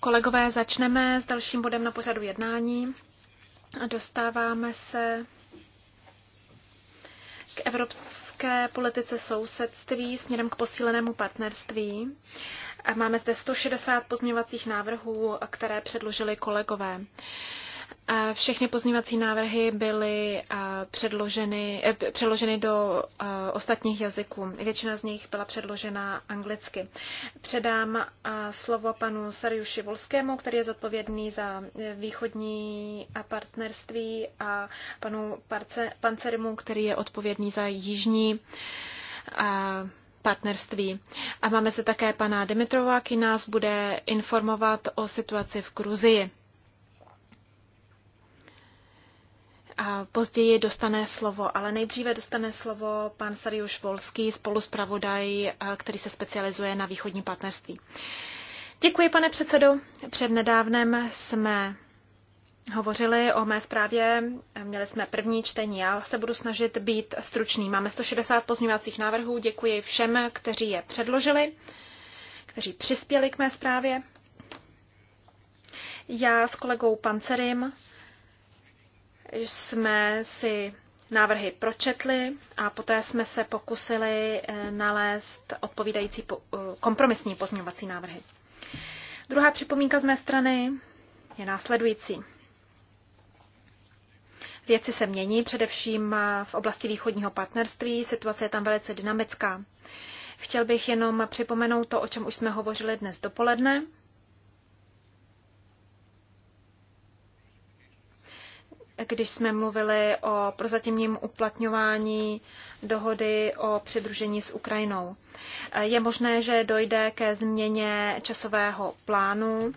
Kolegové, začneme s dalším bodem na pořadu jednání. A dostáváme se k evropské politice sousedství směrem k posílenému partnerství. A máme zde 160 pozměňovacích návrhů, které předložili kolegové. Všechny pozměňovací návrhy byly předloženy, e, přeloženy do ostatních jazyků. Většina z nich byla předložena anglicky. Předám slovo panu Sariuši Volskému, který je zodpovědný za e, východní partnerství a panu Pancerimu, který je odpovědný za jižní partnerství. A máme se také pana Dimitrova, který nás bude informovat o situaci v Gruzii. A později dostane slovo, ale nejdříve dostane slovo pan Sariuš Volský, spoluspravodaj, eh, který se specializuje na východní partnerství. Děkuji, pane předsedo. Přednedávnem jsme hovořili o mé zprávě. Měli jsme první čtení. Já se budu snažit být stručný. Máme 160 pozměňovacích návrhů. Děkuji všem, kteří je předložili, kteří přispěli k mé zprávě. Já s kolegou Pancerim jsme si návrhy pročetli a poté jsme se pokusili eh, nalézt odpovídající eh, kompromisní pozměňovací návrhy. Druhá připomínka z mé strany je následující. Věci se mění, především eh, v oblasti východního partnerství. Situace je tam velice dynamická. Chtěl bych jenom připomenout to, o čem už jsme hovořili dnes dopoledne. když jsme mluvili o prozatímním uplatňování dohody o přidružení s Ukrajinou. Je možné, že dojde ke změně časového plánu.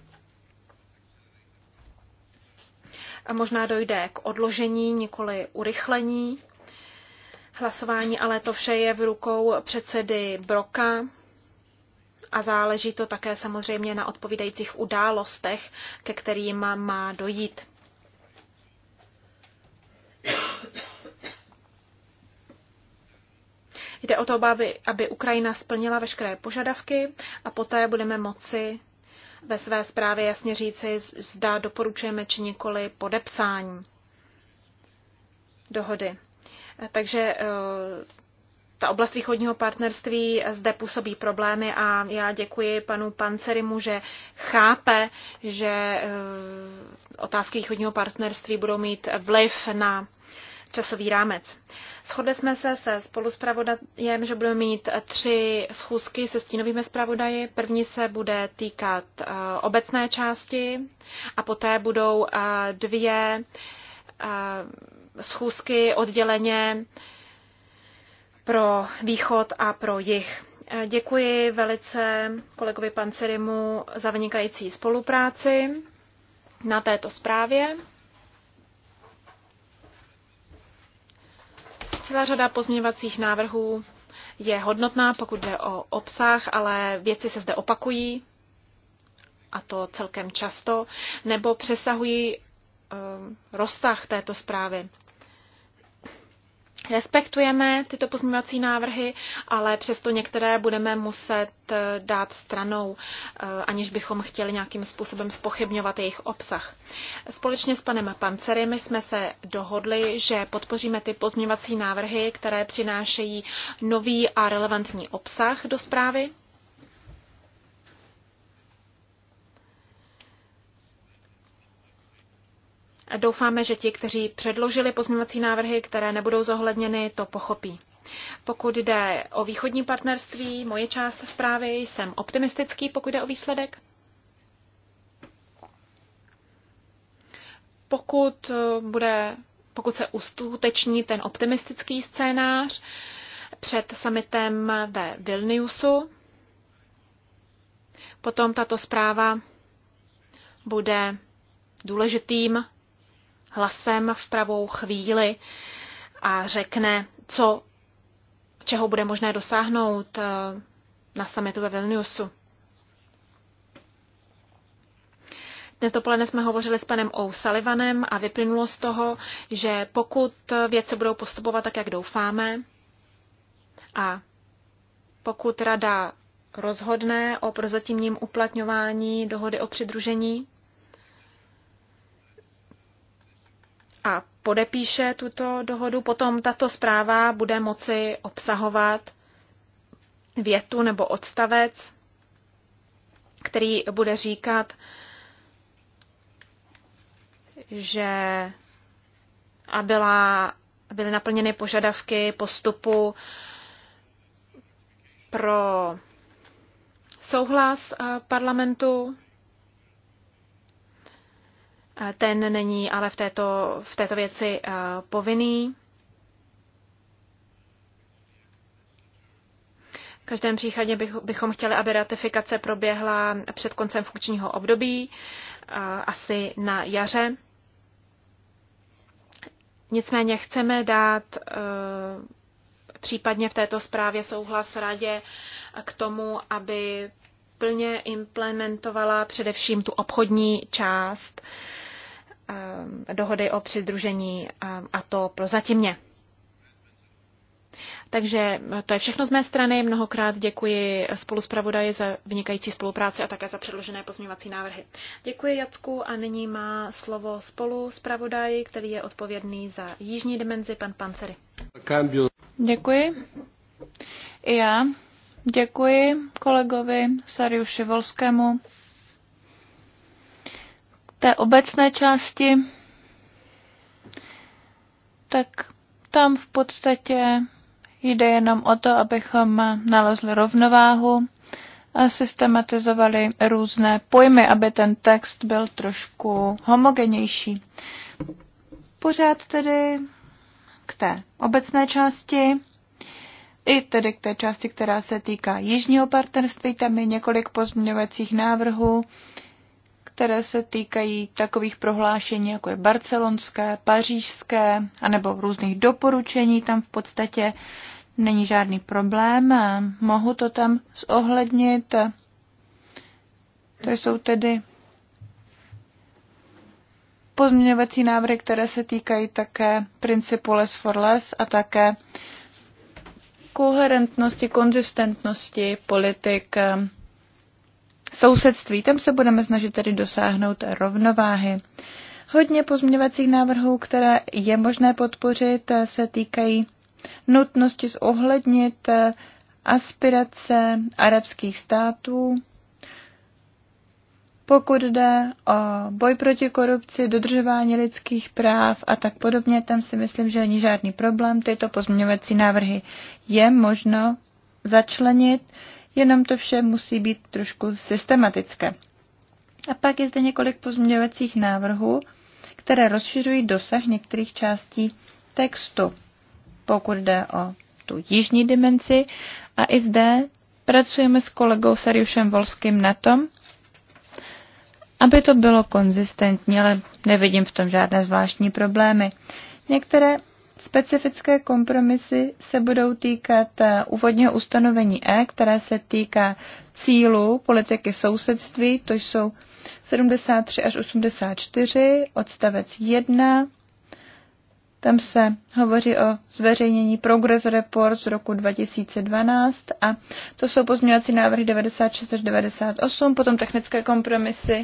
Možná dojde k odložení, nikoli urychlení hlasování, ale to vše je v rukou předsedy Broka a záleží to také samozřejmě na odpovídajících událostech, ke kterým má dojít. Jde o to, aby, aby Ukrajina splnila veškeré požadavky a poté budeme moci ve své zprávě jasně říci, zda doporučujeme či nikoli podepsání dohody. Takže eh, ta oblast východního partnerství zde působí problémy a já děkuji panu Pancerimu, že chápe, že eh, otázky východního partnerství budou mít vliv na časový rámec. Shodli jsme se se spoluspravodajem, že budeme mít tři schůzky se stínovými zpravodaji. První se bude týkat eh, obecné části a poté budou eh, dvě eh, schůzky odděleně pro východ a pro jih. Děkuji velice kolegovi Pancerimu za vynikající spolupráci na této zprávě. Celá řada pozměňovacích návrhů je hodnotná, pokud jde o obsah, ale věci se zde opakují, a to celkem často, nebo přesahují ehm, rozsah této zprávy respektujeme tyto pozměňovací návrhy, ale přesto některé budeme muset eh, dát stranou, eh, aniž bychom chtěli nějakým způsobem spochybňovat jejich obsah. Společně s panem Pancerem jsme se dohodli, že podpoříme ty pozměňovací návrhy, které přinášejí nový a relevantní obsah do zprávy. Doufáme, že ti, kteří předložili pozměňovací návrhy, které nebudou zohledněny, to pochopí. Pokud jde o východní partnerství, moje část zprávy, jsem optimistický, pokud jde o výsledek. Pokud, eh, bude, pokud se ustuteční ten optimistický scénář před summitem ve Vilniusu, potom tato zpráva bude důležitým hlasem v pravou chvíli a řekne, co, čeho bude možné dosáhnout eh, na summitu ve Vilniusu. Dnes dopoledne jsme hovořili s panem O'Sullivanem a vyplynulo z toho, že pokud věci budou postupovat tak, jak doufáme, a pokud rada rozhodne o prozatímním uplatňování dohody o přidružení, a podepíše tuto dohodu, potom tato zpráva bude moci obsahovat větu nebo odstavec, který bude říkat, že a byla, byly naplněny požadavky postupu pro souhlas eh, parlamentu ten není ale v této, v této věci eh, povinný. V každém případě bych, bychom chtěli, aby ratifikace proběhla před koncem funkčního období, eh, asi na jaře. Nicméně chceme dát eh, případně v této zprávě souhlas radě k tomu, aby plně implementovala především tu obchodní část uh, Eh, dohody o přidružení eh, a to prozatímně. Takže eh, to je všechno z mé strany. Mnohokrát děkuji spoluspravodaji za vynikající spolupráci a také za předložené pozměňovací návrhy. Děkuji Jacku a nyní má slovo spoluspravodaj, který je odpovědný za jižní dimenzi, pan Pancery. Děkuji. I já děkuji kolegovi Sariuši Volskému té obecné části, tak tam v podstatě jde jenom o to, abychom nalezli rovnováhu a systematizovali různé pojmy, aby ten text byl trošku homogenější. Pořád tedy k té obecné části, i tedy k té části, která se týká jižního partnerství, tam je několik pozměňovacích návrhů, které se týkají takových prohlášení, jako je barcelonské, pařížské, anebo různých doporučení. Tam v podstatě není žádný problém. Mohu to tam zohlednit. To jsou tedy pozměňovací návrhy, které se týkají také principu less for less a také koherentnosti, konzistentnosti politik sousedství. Tam se budeme snažit tedy dosáhnout rovnováhy. Hodně pozměňovacích návrhů, které je možné podpořit, se týkají nutnosti zohlednit aspirace arabských států, pokud jde o boj proti korupci, dodržování lidských práv a tak podobně, tam si myslím, že není žádný problém. Tyto pozměňovací návrhy je možno začlenit jenom to vše musí být trošku systematické. A pak je zde několik pozměňovacích návrhů, které rozšiřují dosah některých částí textu, pokud jde o tu jižní dimenzi. A i zde pracujeme s kolegou Sariušem Volským na tom, aby to bylo konzistentní, ale nevidím v tom žádné zvláštní problémy. Některé Specifické kompromisy se budou týkat eh, úvodního ustanovení E, které se týká cílů politiky sousedství, to jsou 73 až 84, odstavec 1. Tam se hovoří o zveřejnění Progress Report z roku 2012 a to jsou pozměňovací návrhy 96 až 98, potom technické kompromisy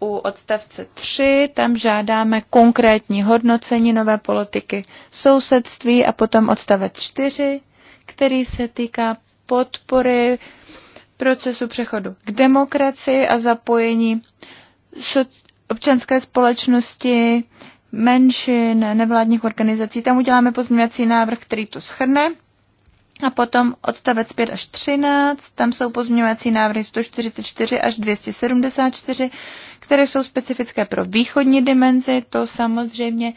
u odstavce 3, tam žádáme konkrétní hodnocení nové politiky sousedství a potom odstavec 4, který se týká podpory procesu přechodu k demokracii a zapojení občanské společnosti, menšin, nevládních organizací. Tam uděláme pozměňovací návrh, který to schrne. A potom odstavec 5 až 13, tam jsou pozměňovací návrhy 144 až 274, které jsou specifické pro východní dimenzi, to samozřejmě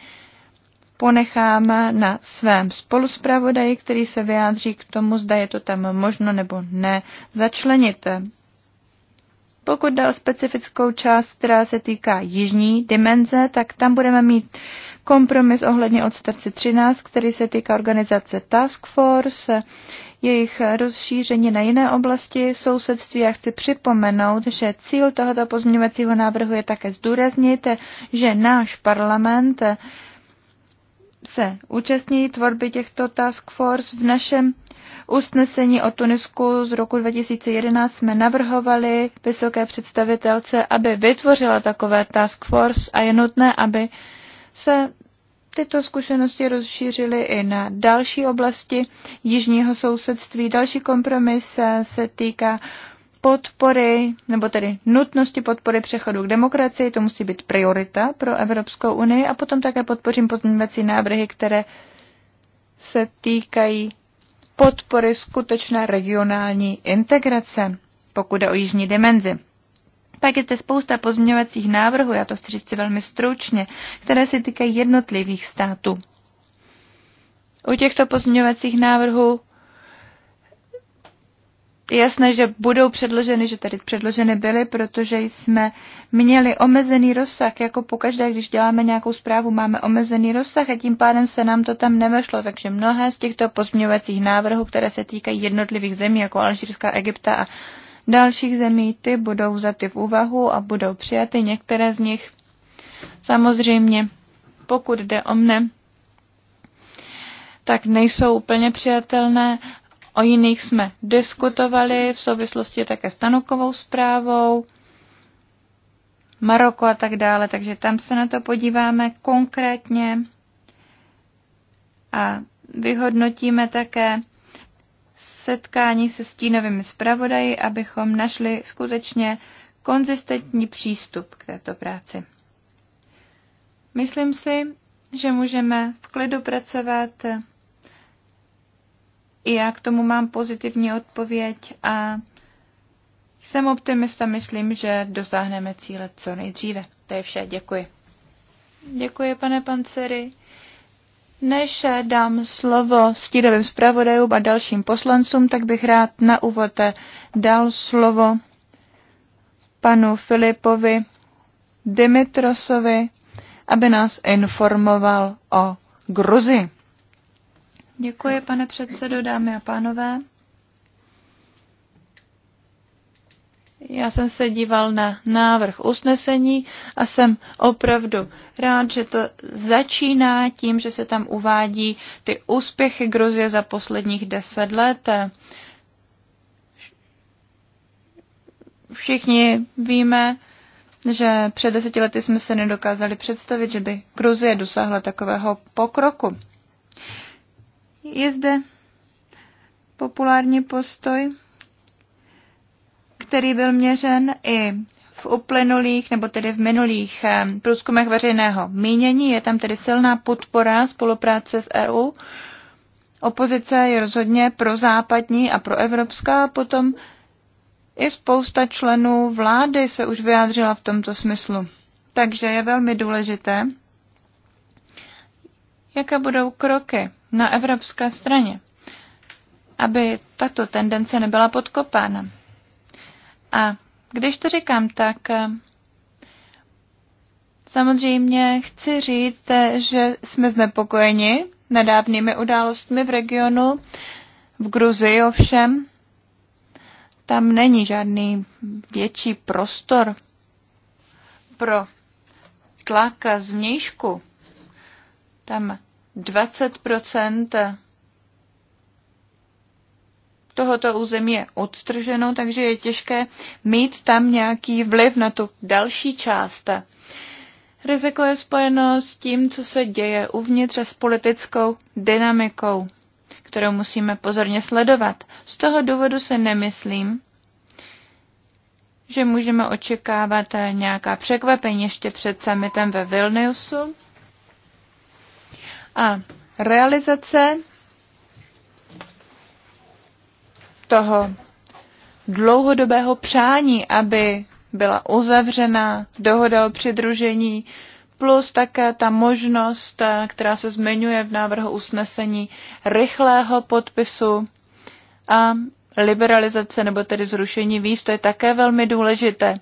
ponecháme na svém spoluspravodaji, který se vyjádří k tomu, zda je to tam možno nebo ne začlenit. Pokud jde o specifickou část, která se týká jižní dimenze, tak tam budeme mít kompromis ohledně odstavce 13, který se týká organizace Task Force jejich rozšíření na jiné oblasti sousedství Já chci připomenout, že cíl tohoto pozměňovacího návrhu je také zdůraznit, že náš parlament se účastní tvorby těchto task force. V našem usnesení o Tunisku z roku 2011 jsme navrhovali vysoké představitelce, aby vytvořila takové task force a je nutné, aby se tyto zkušenosti rozšířili i na další oblasti jižního sousedství. Další kompromis se týká podpory, nebo tedy nutnosti podpory přechodu k demokracii, to musí být priorita pro Evropskou unii a potom také podpořím pozměňovací návrhy, které se týkají podpory skutečné regionální integrace, pokud jde o jižní dimenzi. Pak je zde spousta pozměňovacích návrhů, já to chci říct velmi stručně, které se týkají jednotlivých států. U těchto pozměňovacích návrhů je jasné, že budou předloženy, že tady předloženy byly, protože jsme měli omezený rozsah, jako pokaždé, když děláme nějakou zprávu, máme omezený rozsah a tím pádem se nám to tam nevešlo. Takže mnohé z těchto pozměňovacích návrhů, které se týkají jednotlivých zemí, jako Alžírska, Egypta a dalších zemí, ty budou vzaty v úvahu a budou přijaty některé z nich. Samozřejmě, pokud jde o mne, tak nejsou úplně přijatelné. O jiných jsme diskutovali v souvislosti také s Tanukovou zprávou, Maroko a tak dále, takže tam se na to podíváme konkrétně a vyhodnotíme také setkání se stínovými zpravodaji, abychom našli skutečně konzistentní přístup k této práci. Myslím si, že můžeme v klidu pracovat. I já k tomu mám pozitivní odpověď a jsem optimista, myslím, že dosáhneme cíle co nejdříve. To je vše, děkuji. Děkuji, pane Pancery. Než dám slovo stírovým zpravodajům a dalším poslancům, tak bych rád na úvod dal slovo panu Filipovi Dimitrosovi, aby nás informoval o Gruzi. Děkuji, pane předsedo, dámy a pánové. Já jsem se díval na návrh usnesení a jsem opravdu rád, že to začíná tím, že se tam uvádí ty úspěchy Gruzie za posledních deset let. Všichni víme, že před deseti lety jsme se nedokázali představit, že by Gruzie dosáhla takového pokroku. Je zde populární postoj, který byl měřen i v uplynulých nebo tedy v minulých eh, průzkumech veřejného mínění. Je tam tedy silná podpora spolupráce s EU. Opozice je rozhodně pro západní a pro evropská. Potom i spousta členů vlády se už vyjádřila v tomto smyslu. Takže je velmi důležité, jaké budou kroky na evropské straně, aby tato tendence nebyla podkopána. A když to říkám, tak eh, samozřejmě chci říct, eh, že jsme znepokojeni nedávnými událostmi v regionu, v Gruzii ovšem. Tam není žádný větší prostor pro tlak zvnějšku. Tam 20 tohoto území je odstrženo, takže je těžké mít tam nějaký vliv na tu další část. Riziko je spojeno s tím, co se děje uvnitř a s politickou dynamikou, kterou musíme pozorně sledovat. Z toho důvodu se nemyslím, že můžeme očekávat nějaká překvapení ještě před summitem ve Vilniusu. A realizace toho dlouhodobého přání, aby byla uzavřena dohoda o přidružení, plus také ta možnost, eh, která se zmiňuje v návrhu usnesení, rychlého podpisu a liberalizace nebo tedy zrušení víz, to je také velmi důležité,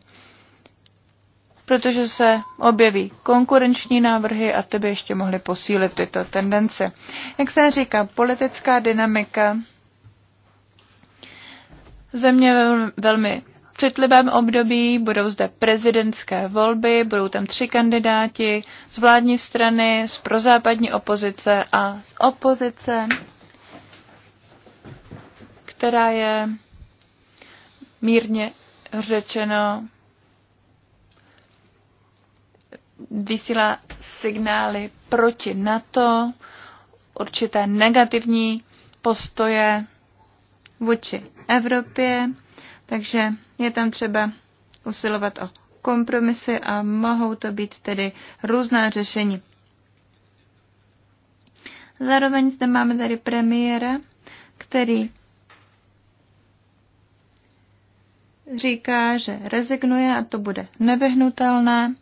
protože se objeví konkurenční návrhy a ty by ještě mohly posílit tyto tendence. Jak se říká, politická dynamika země ve velmi citlivém období, budou zde prezidentské volby, budou tam tři kandidáti z vládní strany, z prozápadní opozice a z opozice, která je mírně řečeno vysílá signály proti NATO, určité negativní postoje vůči Evropě, takže je tam třeba usilovat o kompromisy a mohou to být tedy různá řešení. Zároveň zde máme tady premiéra, který říká, že rezignuje a to bude nevyhnutelné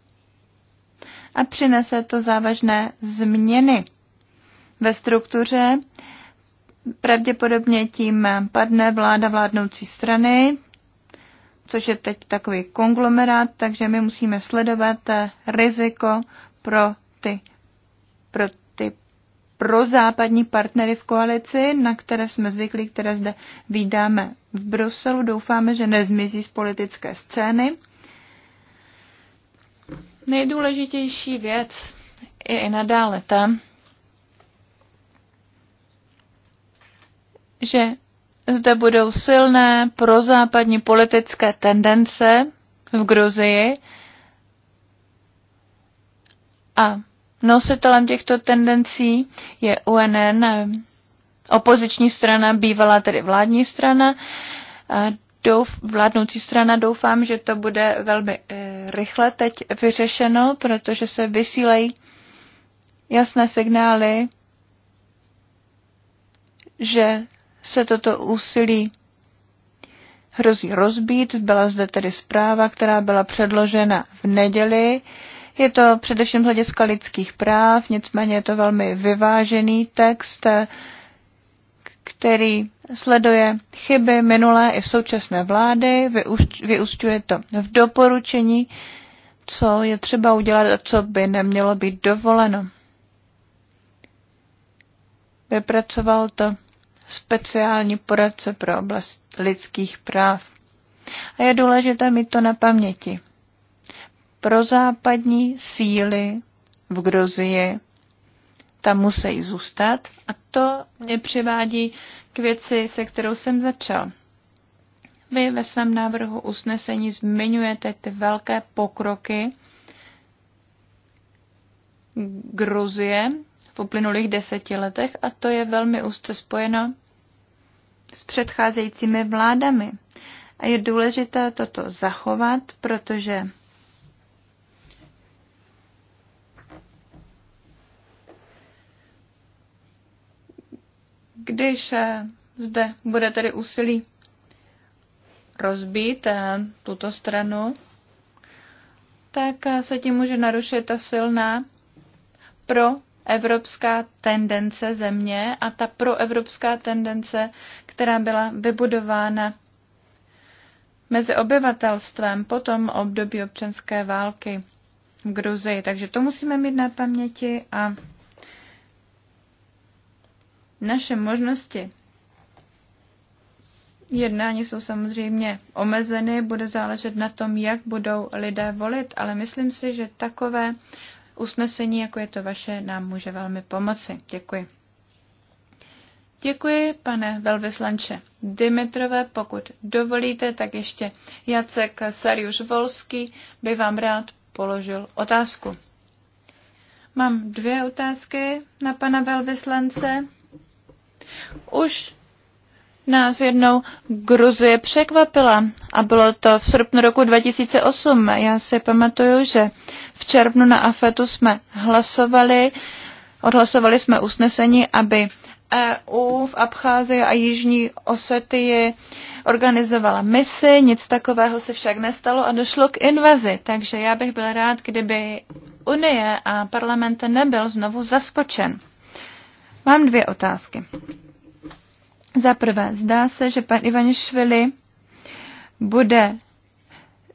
a přinese to závažné změny ve struktuře Pravděpodobně tím padne vláda vládnoucí strany, což je teď takový konglomerát, takže my musíme sledovat riziko pro ty, pro ty prozápadní partnery v koalici, na které jsme zvyklí, které zde vydáme v Bruselu. Doufáme, že nezmizí z politické scény. Nejdůležitější věc je i nadále ta, že zde budou silné prozápadní politické tendence v Gruzii a nositelem těchto tendencí je UNN, opoziční strana, bývalá tedy vládní strana, douf, vládnoucí strana. Doufám, že to bude velmi e, rychle teď vyřešeno, protože se vysílají jasné signály, že se toto úsilí hrozí rozbít. Byla zde tedy zpráva, která byla předložena v neděli. Je to především z hlediska lidských práv, nicméně je to velmi vyvážený text, který sleduje chyby minulé i současné vlády, vyústňuje to v doporučení, co je třeba udělat a co by nemělo být dovoleno. Vypracoval to speciální poradce pro oblast lidských práv. A je důležité mít to na paměti. Pro západní síly v Grozii tam musí zůstat a to mě přivádí k věci, se kterou jsem začal. Vy ve svém návrhu usnesení zmiňujete ty velké pokroky Gruzie v uplynulých deseti letech a to je velmi úzce spojeno s předcházejícími vládami. A je důležité toto zachovat, protože když eh, zde bude tedy úsilí rozbít eh, tuto stranu, tak eh, se tím může narušit ta silná pro evropská tendence země a ta proevropská tendence, která byla vybudována mezi obyvatelstvem po tom období občanské války v Gruzii. Takže to musíme mít na paměti a naše možnosti jednání jsou samozřejmě omezeny, bude záležet na tom, jak budou lidé volit, ale myslím si, že takové usnesení, jako je to vaše, nám může velmi pomoci. Děkuji. Děkuji, pane velvyslanče Dimitrové. Pokud dovolíte, tak ještě Jacek Sariuš Volský by vám rád položil otázku. Mám dvě otázky na pana velvyslance. Už nás jednou Gruzie překvapila a bylo to v srpnu roku 2008. Já si pamatuju, že v červnu na AFETu jsme hlasovali, odhlasovali jsme usnesení, aby EU v Abcházii a Jižní Osetii organizovala misi, nic takového se však nestalo a došlo k invazi. Takže já bych byl rád, kdyby Unie a parlament nebyl znovu zaskočen. Mám dvě otázky. Za prvé, zdá se, že pan Ivanišvili bude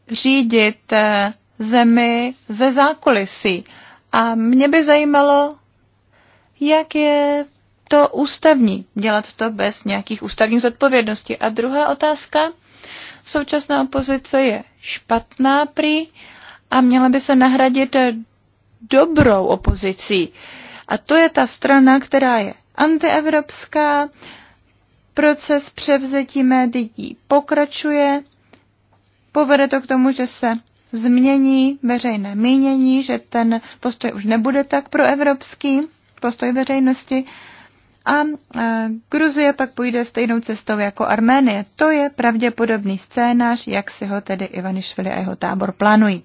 řídit eh, zemi ze zákulisí. A mě by zajímalo, jak je to ústavní, dělat to bez nějakých ústavních zodpovědností. A druhá otázka, současná opozice je špatná prý a měla by se nahradit eh, dobrou opozicí. A to je ta strana, která je antievropská, Proces převzetí médií pokračuje. Povede to k tomu, že se změní veřejné mínění, že ten postoj už nebude tak proevropský, postoj veřejnosti. A e, Gruzie pak půjde stejnou cestou jako Arménie. To je pravděpodobný scénář, jak si ho tedy Ivanišvili a jeho tábor plánují.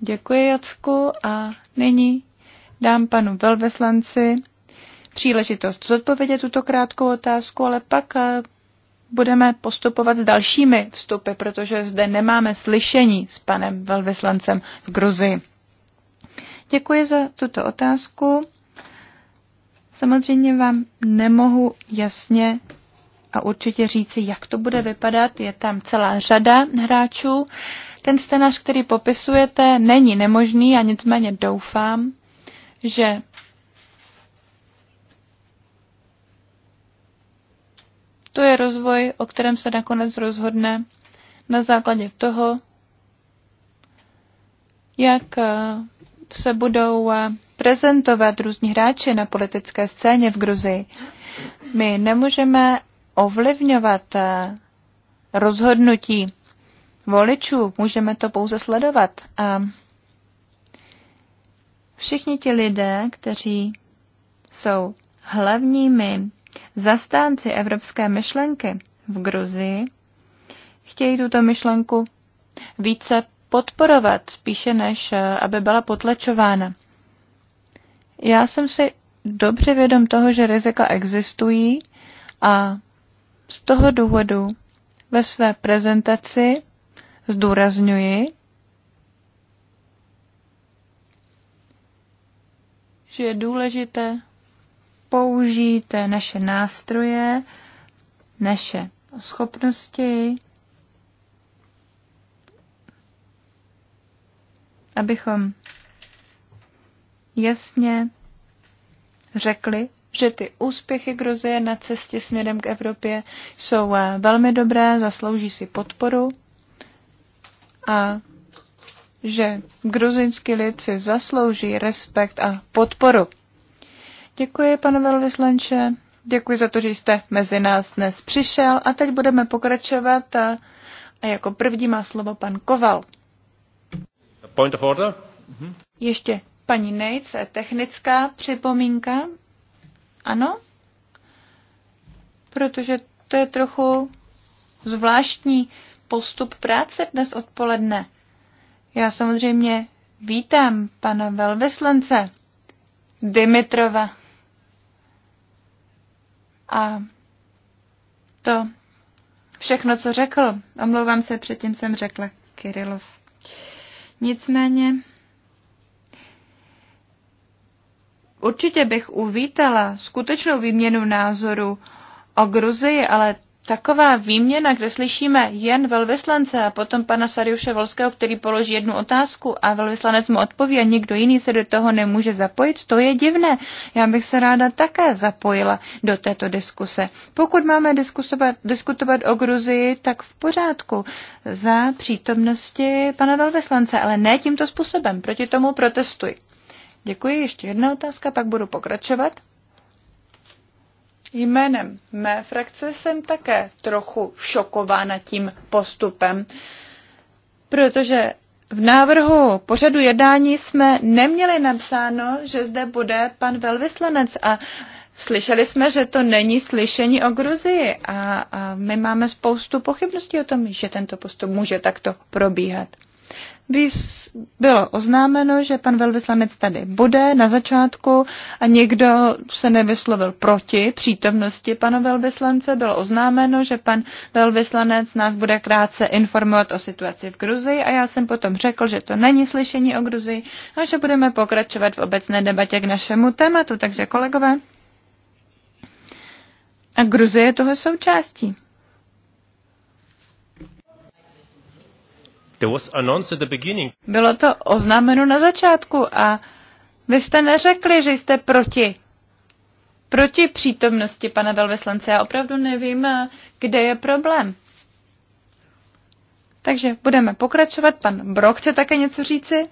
Děkuji, Jacku, a nyní dám panu velveslanci příležitost zodpovědět tuto krátkou otázku, ale pak eh, budeme postupovat s dalšími vstupy, protože zde nemáme slyšení s panem velvyslancem v Gruzii. Děkuji za tuto otázku. Samozřejmě vám nemohu jasně a určitě říci, jak to bude vypadat. Je tam celá řada hráčů. Ten scénář, který popisujete, není nemožný a nicméně doufám, že To je rozvoj, o kterém se nakonec rozhodne na základě toho, jak eh, se budou eh, prezentovat různí hráči na politické scéně v Gruzii. My nemůžeme ovlivňovat eh, rozhodnutí voličů, můžeme to pouze sledovat. A všichni ti lidé, kteří jsou hlavními zastánci evropské myšlenky v Gruzii chtějí tuto myšlenku více podporovat, spíše než eh, aby byla potlačována. Já jsem si dobře vědom toho, že rizika existují a z toho důvodu ve své prezentaci zdůrazňuji, že je důležité použít naše nástroje, naše schopnosti, abychom jasně řekli, že ty úspěchy Gruzie na cestě směrem k Evropě jsou eh, velmi dobré, zaslouží si podporu a že gruzinský lid si zaslouží respekt a podporu. Děkuji, pane velvyslanče. Děkuji za to, že jste mezi nás dnes přišel a teď budeme pokračovat a, a jako první má slovo pan Koval. Point of order? Mhm. Ještě paní Nejc, technická připomínka. Ano? Protože to je trochu zvláštní postup práce dnes odpoledne. Já samozřejmě vítám pana velvyslance Dimitrova. A to všechno, co řekl, omlouvám se, předtím jsem řekla Kirilov. Nicméně určitě bych uvítala skutečnou výměnu názoru o Gruzii, ale taková výměna, kde slyšíme jen velvyslance a potom pana Sariuše Volského, který položí jednu otázku a velvyslanec mu odpoví a nikdo jiný se do toho nemůže zapojit, to je divné. Já bych se ráda také zapojila do této diskuse. Pokud máme diskusovat, diskutovat o Gruzii, tak v pořádku za přítomnosti pana velvyslance, ale ne tímto způsobem. Proti tomu protestuji. Děkuji, ještě jedna otázka, pak budu pokračovat. Jménem mé frakce jsem také trochu šokována tím postupem, protože v návrhu pořadu jednání jsme neměli napsáno, že zde bude pan velvyslanec a slyšeli jsme, že to není slyšení o Gruzii a, a my máme spoustu pochybností o tom, že tento postup může takto probíhat bylo oznámeno, že pan velvyslanec tady bude na začátku a někdo se nevyslovil proti přítomnosti pana velvyslance. Bylo oznámeno, že pan velvyslanec nás bude krátce informovat o situaci v Gruzii a já jsem potom řekl, že to není slyšení o Gruzii a že budeme pokračovat v obecné debatě k našemu tématu. Takže kolegové, a Gruzie je toho součástí. Bylo to oznámeno na začátku a vy jste neřekli, že jste proti. Proti přítomnosti pana velvyslance. Já opravdu nevím, kde je problém. Takže budeme pokračovat. Pan Brok chce také něco říci?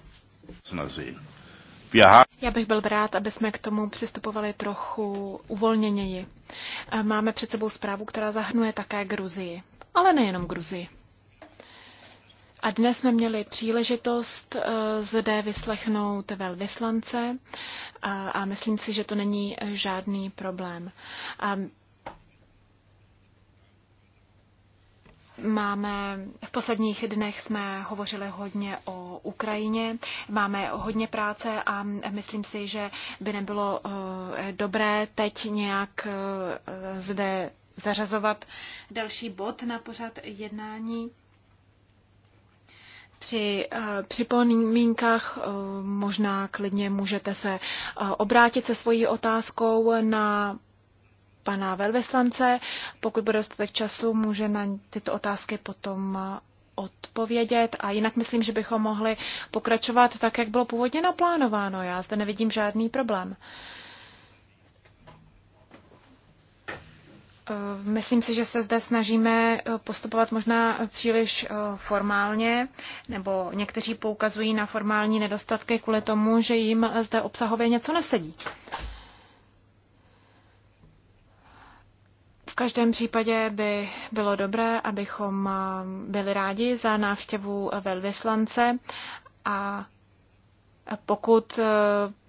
Já bych byl rád, aby jsme k tomu přistupovali trochu uvolněněji. Máme před sebou zprávu, která zahrnuje také Gruzii, ale nejenom Gruzii. A dnes jsme měli příležitost eh, zde vyslechnout velvyslance a, a myslím si, že to není eh, žádný problém. A Máme, v posledních dnech jsme hovořili hodně o Ukrajině, máme hodně práce a myslím si, že by nebylo eh, dobré teď nějak zde zařazovat další bod na pořad jednání při eh, připomínkách eh, možná klidně můžete se eh, obrátit se svojí otázkou na pana velvyslance. Pokud bude dostatek času, může na tyto otázky potom odpovědět a jinak myslím, že bychom mohli pokračovat tak, jak bylo původně naplánováno. Já zde nevidím žádný problém. Uh, Eh, myslím si, že se zde snažíme eh, postupovat možná příliš eh, formálně, nebo někteří poukazují na formální nedostatky kvůli tomu, že jim zde obsahově něco nesedí. V každém případě by bylo dobré, abychom byli rádi za návštěvu velvyslance a pokud eh,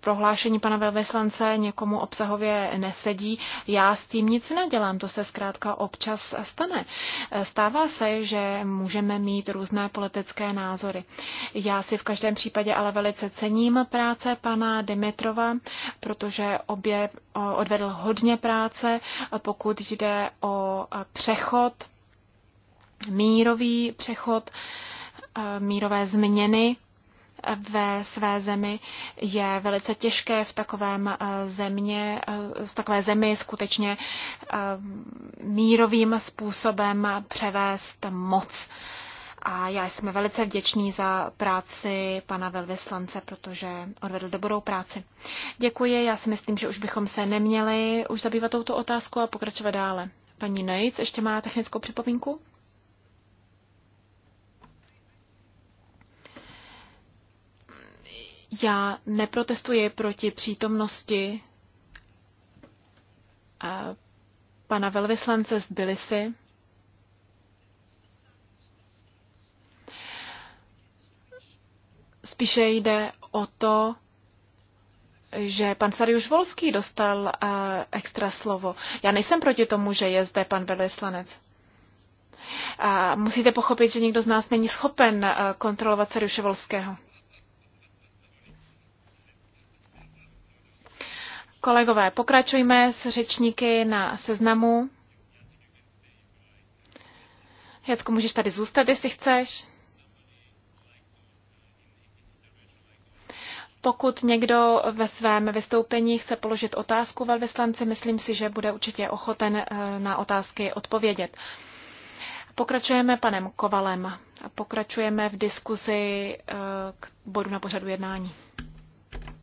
prohlášení pana velvyslance někomu obsahově nesedí, já s tím nic nedělám, to se zkrátka občas stane. Eh, stává se, že můžeme mít různé politické názory. Já si v každém případě ale velice cením práce pana Dimitrova, protože obě odvedl hodně práce, pokud jde o přechod, mírový přechod, mírové změny ve své zemi je velice těžké v takovém eh, země, eh, v takové zemi skutečně eh, mírovým způsobem převést moc. A já jsem velice vděčný za práci pana velvyslance, protože odvedl dobrou práci. Děkuji, já si myslím, že už bychom se neměli už zabývat touto otázkou a pokračovat dále. Paní Nejc, ještě má technickou připomínku? Já neprotestuji proti přítomnosti eh, pana velvyslance z Bilisi. Spíše jde o to, že pan Sariuš Volský dostal uh, extra slovo. Já nejsem proti tomu, že je zde pan velvyslanec. Uh, musíte pochopit, že nikdo z nás není schopen uh, kontrolovat Sariuše Volského. Kolegové, pokračujme s řečníky na seznamu. Jacku, můžeš tady zůstat, jestli chceš. Pokud někdo ve svém vystoupení chce položit otázku velvyslanci, myslím si, že bude určitě ochoten eh, na otázky odpovědět. Pokračujeme panem Kovalem. Pokračujeme v diskuzi eh, k bodu na pořadu jednání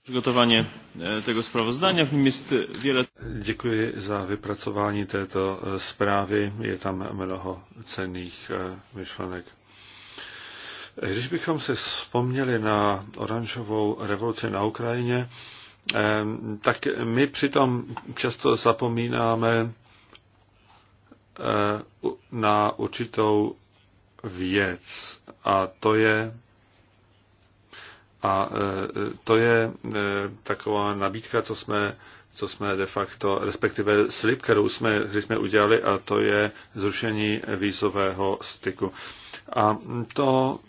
przygotowanie e, tego sprawozdania. W nim jest wiele... Dziękuję za vypracování této e, sprawy. Je tam mnoho cennych e, myšlenek. Když bychom se vzpomněli na oranžovou revoluci na Ukrajině, tak my přitom často zapomínáme na určitou věc a to je a e, to je e, taková nabídka, co jsme, co jsme de facto, respektive slib, kterou jsme, který jsme udělali, a to je zrušení vízového styku. A to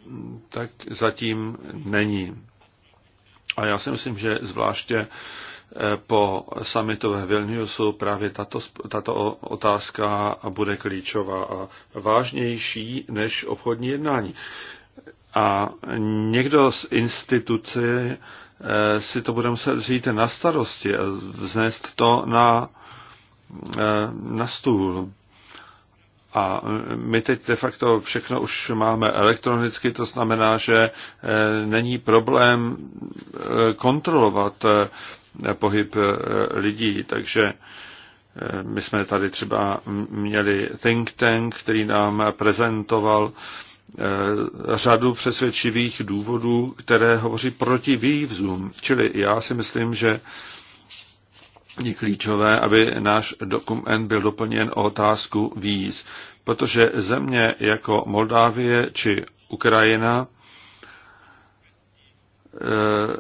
tak zatím není. A já si myslím, že zvláště e, po summitu ve Vilniusu právě tato, tato otázka bude klíčová a vážnější než obchodní jednání. A někdo z instituce eh, si to bude muset říct na starosti a vznést to na, eh, na stůl. A my teď de facto všechno už máme elektronicky, to znamená, že eh, není problém kontrolovat pohyb lidí. Takže my jsme tady třeba měli think tank, který nám prezentoval Eh, řadu přesvědčivých důvodů, které hovoří proti vývzům. Čili já si myslím, že je klíčové, aby náš dokument byl doplněn o otázku víz, protože země jako Moldávie či Ukrajina eh,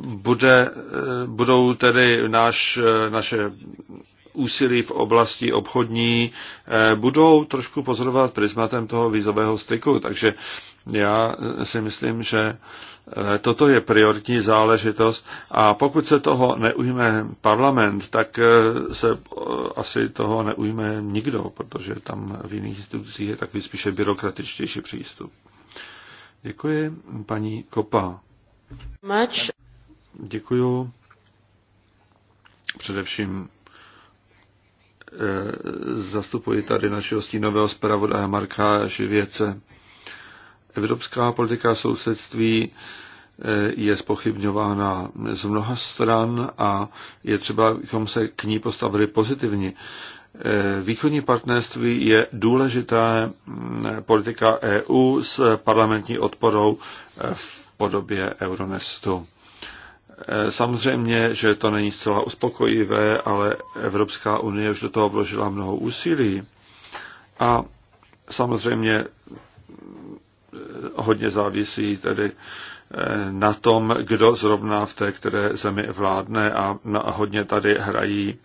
bude, eh, budou tedy náš, naše úsilí v oblasti obchodní eh, budou trošku pozorovat prismatem toho vízového styku. Takže já eh, si myslím, že eh, toto je prioritní záležitost a pokud se toho neujme parlament, tak se asi toho neujme nikdo, protože tam v jiných institucích je takový spíše byrokratičtější přístup. Děkuji, paní Kopa. Děkuji. Především Eh, zastupuji tady našeho stínového zpravodaje Marka Živěce. Evropská politika sousedství eh, je spochybňována z mnoha stran a je třeba, abychom se k ní postavili pozitivně. Eh, východní partnerství je důležitá mm, politika EU s parlamentní odporou v podobě Euronestu. Eh, samozřejmě, že to není zcela uspokojivé, ale Evropská unie už do toho vložila mnoho úsilí. A samozřejmě eh, hodně závisí tedy eh, na tom, kdo zrovna v té které zemi vládne a hodně tady hrají,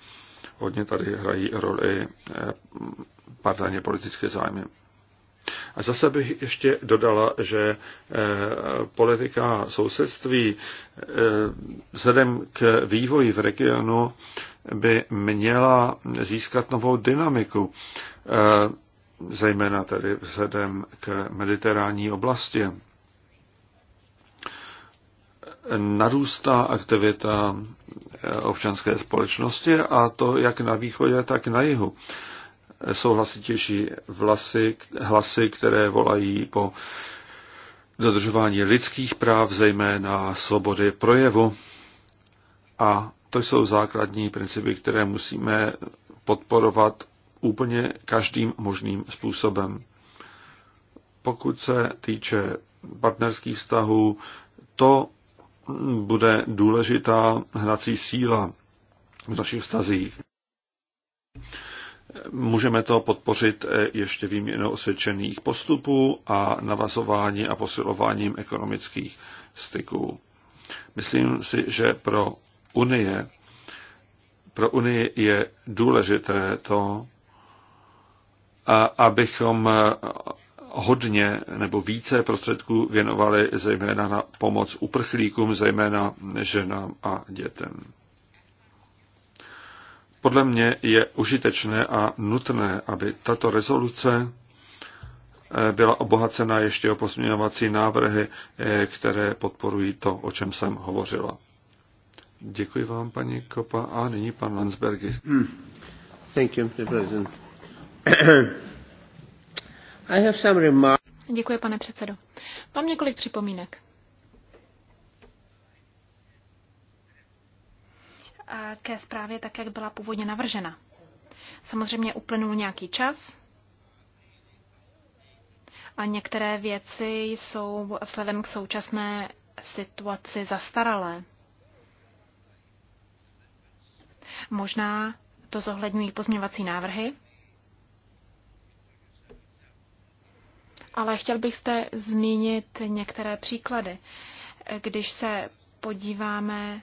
hodně tady hrají roli partajně politické zájmy. A zase bych ještě dodala, že eh, politika sousedství eh, vzhledem k vývoji v regionu by měla získat novou dynamiku, eh, zejména tedy vzhledem k mediterální oblasti. Narůstá aktivita občanské společnosti a to jak na východě, tak na jihu jsou hlasitější vlasy, hlasy, které volají po dodržování lidských práv, zejména svobody projevu. A to jsou základní principy, které musíme podporovat úplně každým možným způsobem. Pokud se týče partnerských vztahů, to bude důležitá hnací síla v našich vztazích. Můžeme to podpořit eh, ještě výměnou osvědčených postupů a navazování a posilováním ekonomických styků. Myslím si, že pro Unie, pro Unii je důležité to, abychom eh, hodně nebo více prostředků věnovali zejména na pomoc uprchlíkům, zejména ženám a dětem. Podle mě je užitečné a nutné, aby tato rezoluce eh, byla obohacena ještě o posměňovací návrhy, eh, které podporují to, o čem jsem hovořila. Děkuji vám, paní Kopa. A nyní pan Landsbergis. Hmm. Thank you, Mr. President. I have some Děkuji, pane předsedo. Mám několik připomínek. ke zprávě tak, jak byla původně navržena. Samozřejmě uplynul nějaký čas a některé věci jsou vzhledem k současné situaci zastaralé. Možná to zohledňují pozměňovací návrhy, ale chtěl bych zde zmínit některé příklady. Když se podíváme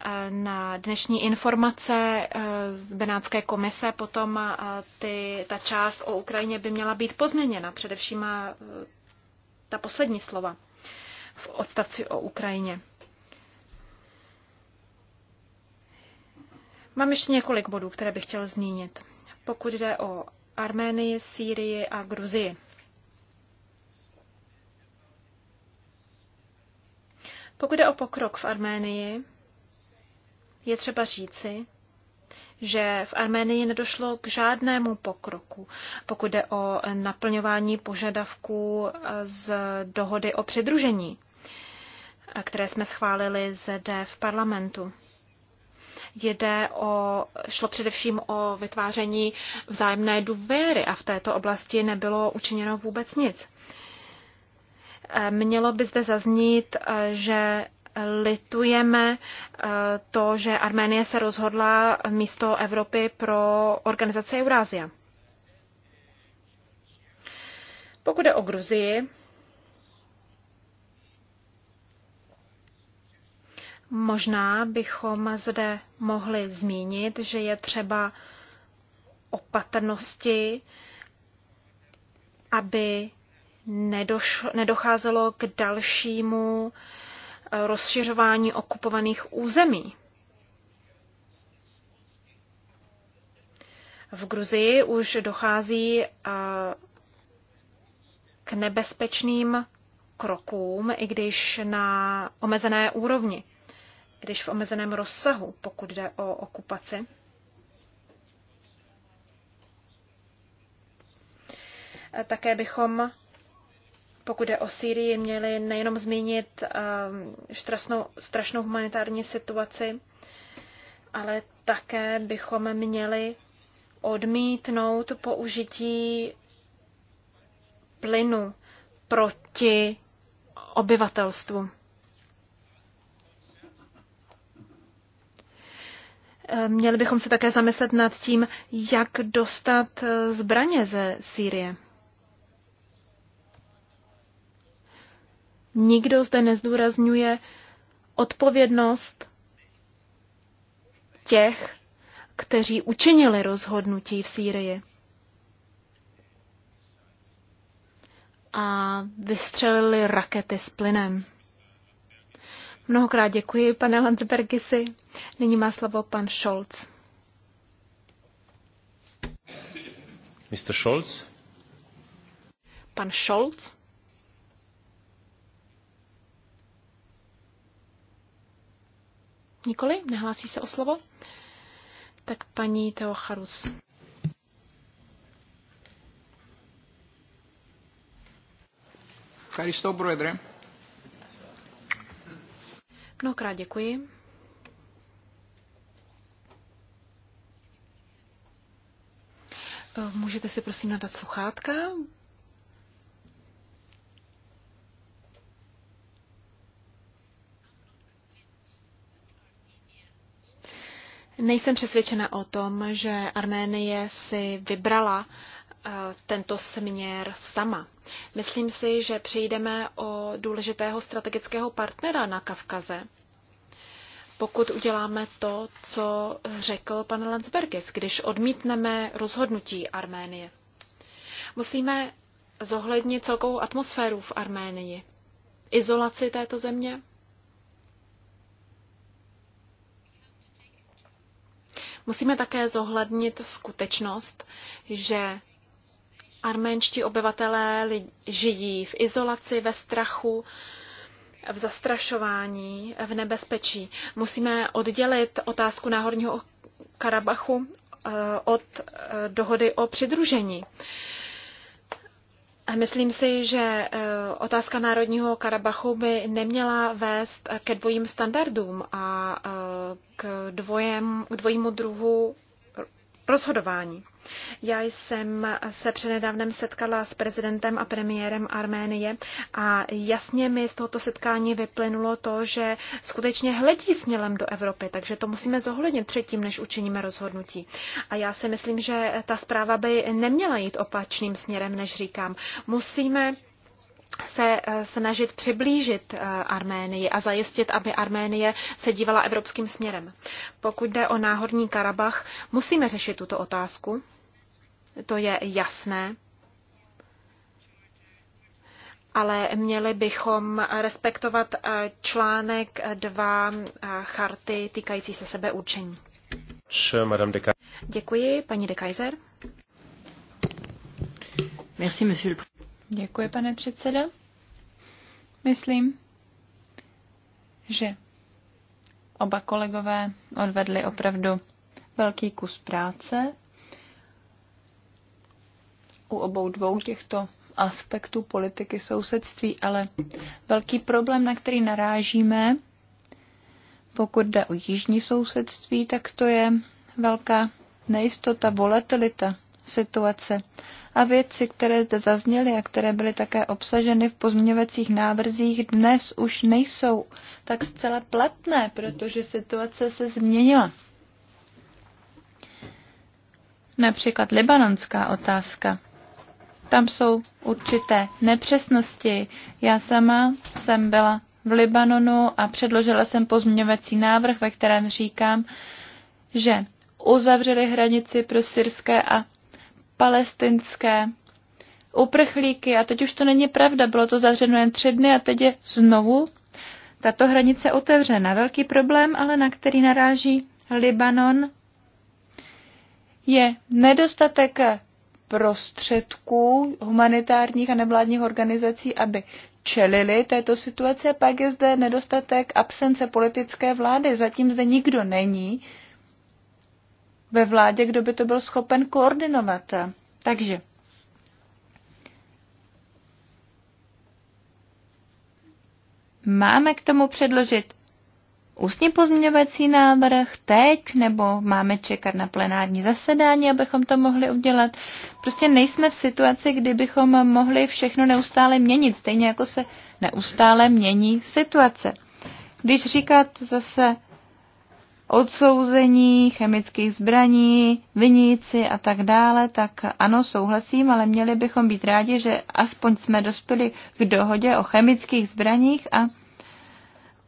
Eh, na dnešní informace eh, z Benátské komise, potom eh, ty, ta část o Ukrajině by měla být pozměněna, především ta poslední slova v odstavci o Ukrajině. Mám ještě několik bodů, které bych chtěl zmínit. Pokud jde o Arménii, Sýrii a Gruzii. Pokud jde o pokrok v Arménii, je třeba říci, že v Arménii nedošlo k žádnému pokroku, pokud jde o naplňování požadavků z dohody o přidružení, které jsme schválili zde v parlamentu. Jde o, šlo především o vytváření vzájemné důvěry a v této oblasti nebylo učiněno vůbec nic. Mělo by zde zaznít, že litujeme eh, to, že Arménie se rozhodla místo Evropy pro organizaci Eurázia. Pokud jde o Gruzii, možná bychom zde mohli zmínit, že je třeba opatrnosti, aby nedošlo, nedocházelo k dalšímu uh, rozšiřování okupovaných území. V Gruzii už dochází k nebezpečným krokům, i když na omezené úrovni, když v omezeném rozsahu, pokud jde o okupaci. Také bychom pokud je o Sýrii, měli nejenom zmínit ehm, štrasnou, strašnou humanitární situaci, ale také bychom měli odmítnout použití plynu proti obyvatelstvu. Ehm, měli bychom se také zamyslet nad tím, jak dostat eh, zbraně ze Sýrie. Nikdo zde nezdůrazňuje odpovědnost těch, kteří učinili rozhodnutí v Sýrii. A vystřelili rakety s plynem. Mnohokrát děkuji, pane Landsbergisi. Nyní má slovo pan Scholz. Mr. Scholz? Pan Scholz? Nikoli? Nehlásí se o slovo? Tak paní Teocharus. Ευχαριστώ, Πρόεδρε. Mnohokrát děkuji. Můžete si prosím nadat sluchátka, Nejsem přesvědčena o tom, že Arménie si vybrala eh, tento směr sama. Myslím si, že přijdeme o důležitého strategického partnera na Kavkaze, pokud uděláme to, co řekl pan Landsbergis, když odmítneme rozhodnutí Arménie. Musíme zohlednit celkovou atmosféru v Arménii, izolaci této země Musíme také zohlednit skutečnost, že arménští obyvatelé žijí v izolaci, ve strachu, v zastrašování, v nebezpečí. Musíme oddělit otázku Náhorního Karabachu eh, od eh, dohody o přidružení. Myslím si, že eh, otázka Národního Karabachu by neměla vést eh, ke dvojím standardům a eh, k, dvojem, k dvojímu druhu rozhodování. Já jsem se přednedávnem setkala s prezidentem a premiérem Arménie a jasně mi z tohoto setkání vyplynulo to, že skutečně hledí smělem do Evropy, takže to musíme zohlednit předtím, než učiníme rozhodnutí. A já si myslím, že ta zpráva by neměla jít opačným směrem, než říkám. Musíme se eh, snažit přiblížit eh, Arménii a zajistit, aby Arménie se dívala evropským směrem. Pokud jde o náhorní Karabach, musíme řešit tuto otázku to je jasné. Ale měli bychom respektovat eh, článek 2 eh, eh, charty týkající se sebeurčení. Děkuji, paní de Kaiser. Merci, monsieur. Děkuji, pane předsedo. Myslím, že oba kolegové odvedli opravdu velký kus práce u obou dvou těchto aspektů politiky sousedství, ale velký problém, na který narážíme, pokud jde o jižní sousedství, tak to je velká nejistota, volatilita situace. A věci, které zde zazněly a které byly také obsaženy v pozměňovacích návrzích, dnes už nejsou tak zcela platné, protože situace se změnila. Například libanonská otázka. Tam jsou určité nepřesnosti. Já sama jsem byla v Libanonu a předložila jsem pozměňovací návrh, ve kterém říkám, že uzavřeli hranici pro syrské a palestinské uprchlíky a teď už to není pravda, bylo to zavřeno jen tři dny a teď je znovu tato hranice otevřena. Velký problém, ale na který naráží Libanon, je nedostatek prostředků humanitárních a nevládních organizací, aby čelili této situaci. Pak je zde nedostatek absence politické vlády. Zatím zde nikdo není ve vládě, kdo by to byl schopen koordinovat. Takže máme k tomu předložit ústní pozměňovací návrh teď, nebo máme čekat na plenární zasedání, abychom to mohli udělat. Prostě nejsme v situaci, kdy bychom mohli všechno neustále měnit, stejně jako se neustále mění situace. Když říkat zase odsouzení chemických zbraní, viníci a tak dále, tak ano, souhlasím, ale měli bychom být rádi, že aspoň jsme dospěli k dohodě o chemických zbraních a